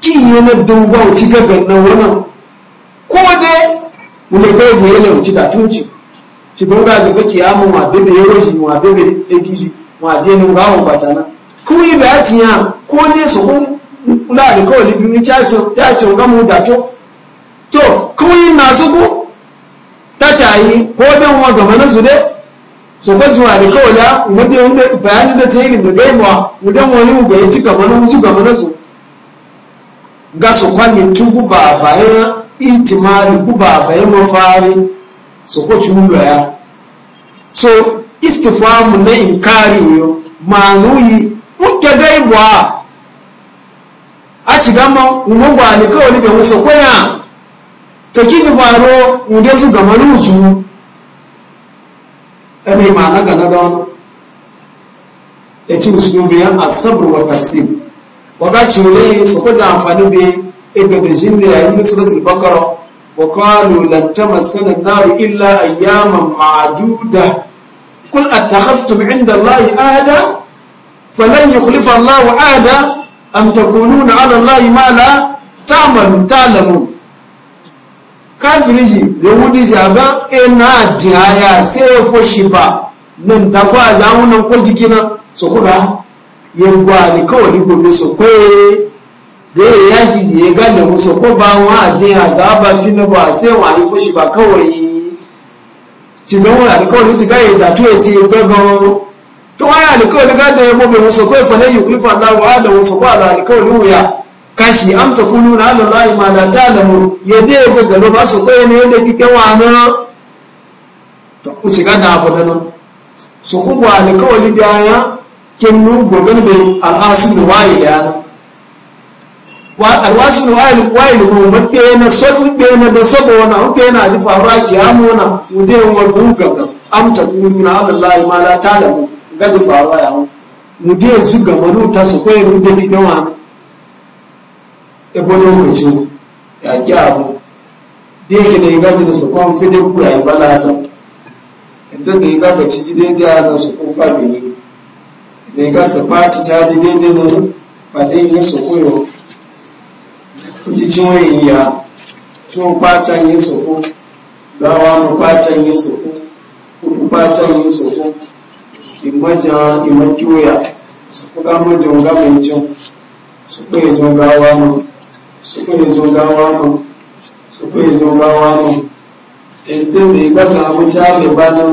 kin na dogon ci gaggan na wannan ko dai mun ga mu yana da tunci ci ko ga zuwa kiyamu ma bebe yawoji ma bebe egiji ma denu ga mu batana ku yi ba tiya ko su kun da kawai bi mi chacho chacho ga mu da to to ku yi na ku ta chayi ko dan wa ga mana su dai so juwa da kawai da mu da bayanin da sai da gai mu mu dan wani yi tika mana mu su ga su ga su kwanin tugu ba bayan itimali kuba bayan mafari su ko culo ya so istifamu na inkari yo manuyi muke gaibwa a ci gama umugwa ne kawai bai musu kwaya to kiji faro inda su gama nusu ɗanai ma na gana da wani ya ci musu dubiyan asabar wa tafsir wa ga cule su kwaje amfani bai ebe da yayin da suratul bakara wa qalu lan tamassana an-nar illa ayyaman ma'duda qul attakhadhtum 'inda allahi ahada falan yukhlifa allahu 'ada am takununa 'ala allahi ma la ta'malu ta'lamu kafiriji da wudi jaba ina diaya sai fo shiba nan ta kwa zamu nan ko gigina so kuga yangwa ni kawai gobe so kwaye dai ya gizi ya ganda musu ko ba wa a je a zaba fina ba sai wa yi fushi ba kawai ci don wani alkawari ci gaya da tuwa ci gaban to wani alkawari ganda ya bobe musu ko fa yi kulifa na wa da musu ko ala alkawari wuya kashi am ta kunu na ala lahi ma da ta lamu ya dai ga galo ba su ko ne yadda kike wani to ku ci ganda abu da nan su ku ba alkawari da ya kin nu gogan bai al'asu da waye da yana wa alwasu wa alwaili ko na so mabbe na da so ko na mabbe na ji faruwa kiyamu na ude wa buga ga am ta na Allah ma la talamu ga ji faruwa ya mu mude ma manu ta so ko mude ki gawa e bodo ko ci ya gyabu de ke ne ga ji so ko fi de ku ya bala da idan e ne ga ji de so ko fa ne ji de de no ne so ko kuji ciwon iya ciwon kwatan yin soko gawa mu kwatan yin soko kuku kwatan yin soko imaja imakiyoya su kuka majan gaban cin su kuka jin gawa mu su kuka jin gawa mu su kuka jin gawa mu intin bai gaga mu cabe ba nan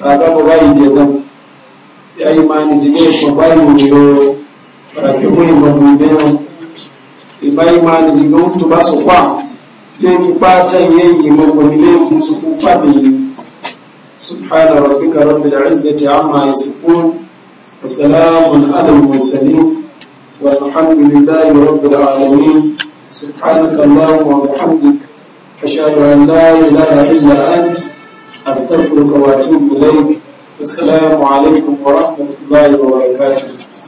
ba gaba bayi da nan ya yi mani jigiyar ko bayi mu yi mu yi ìbáyé máa lè jìgbà ó tó bá sọ fà lè fi pátá ìyẹn ìgbìmọ̀ kò ní lè fi sùkú pàdé yìí subhana rabbika rabbil izzati amma yasifun wa salamun ala mursalin والحمد لله رب العالمين سبحانك اللهم وبحمدك أشهد أن لا إله إلا أنت أستغفرك وأتوب إليك السلام عليكم ورحمة الله وبركاته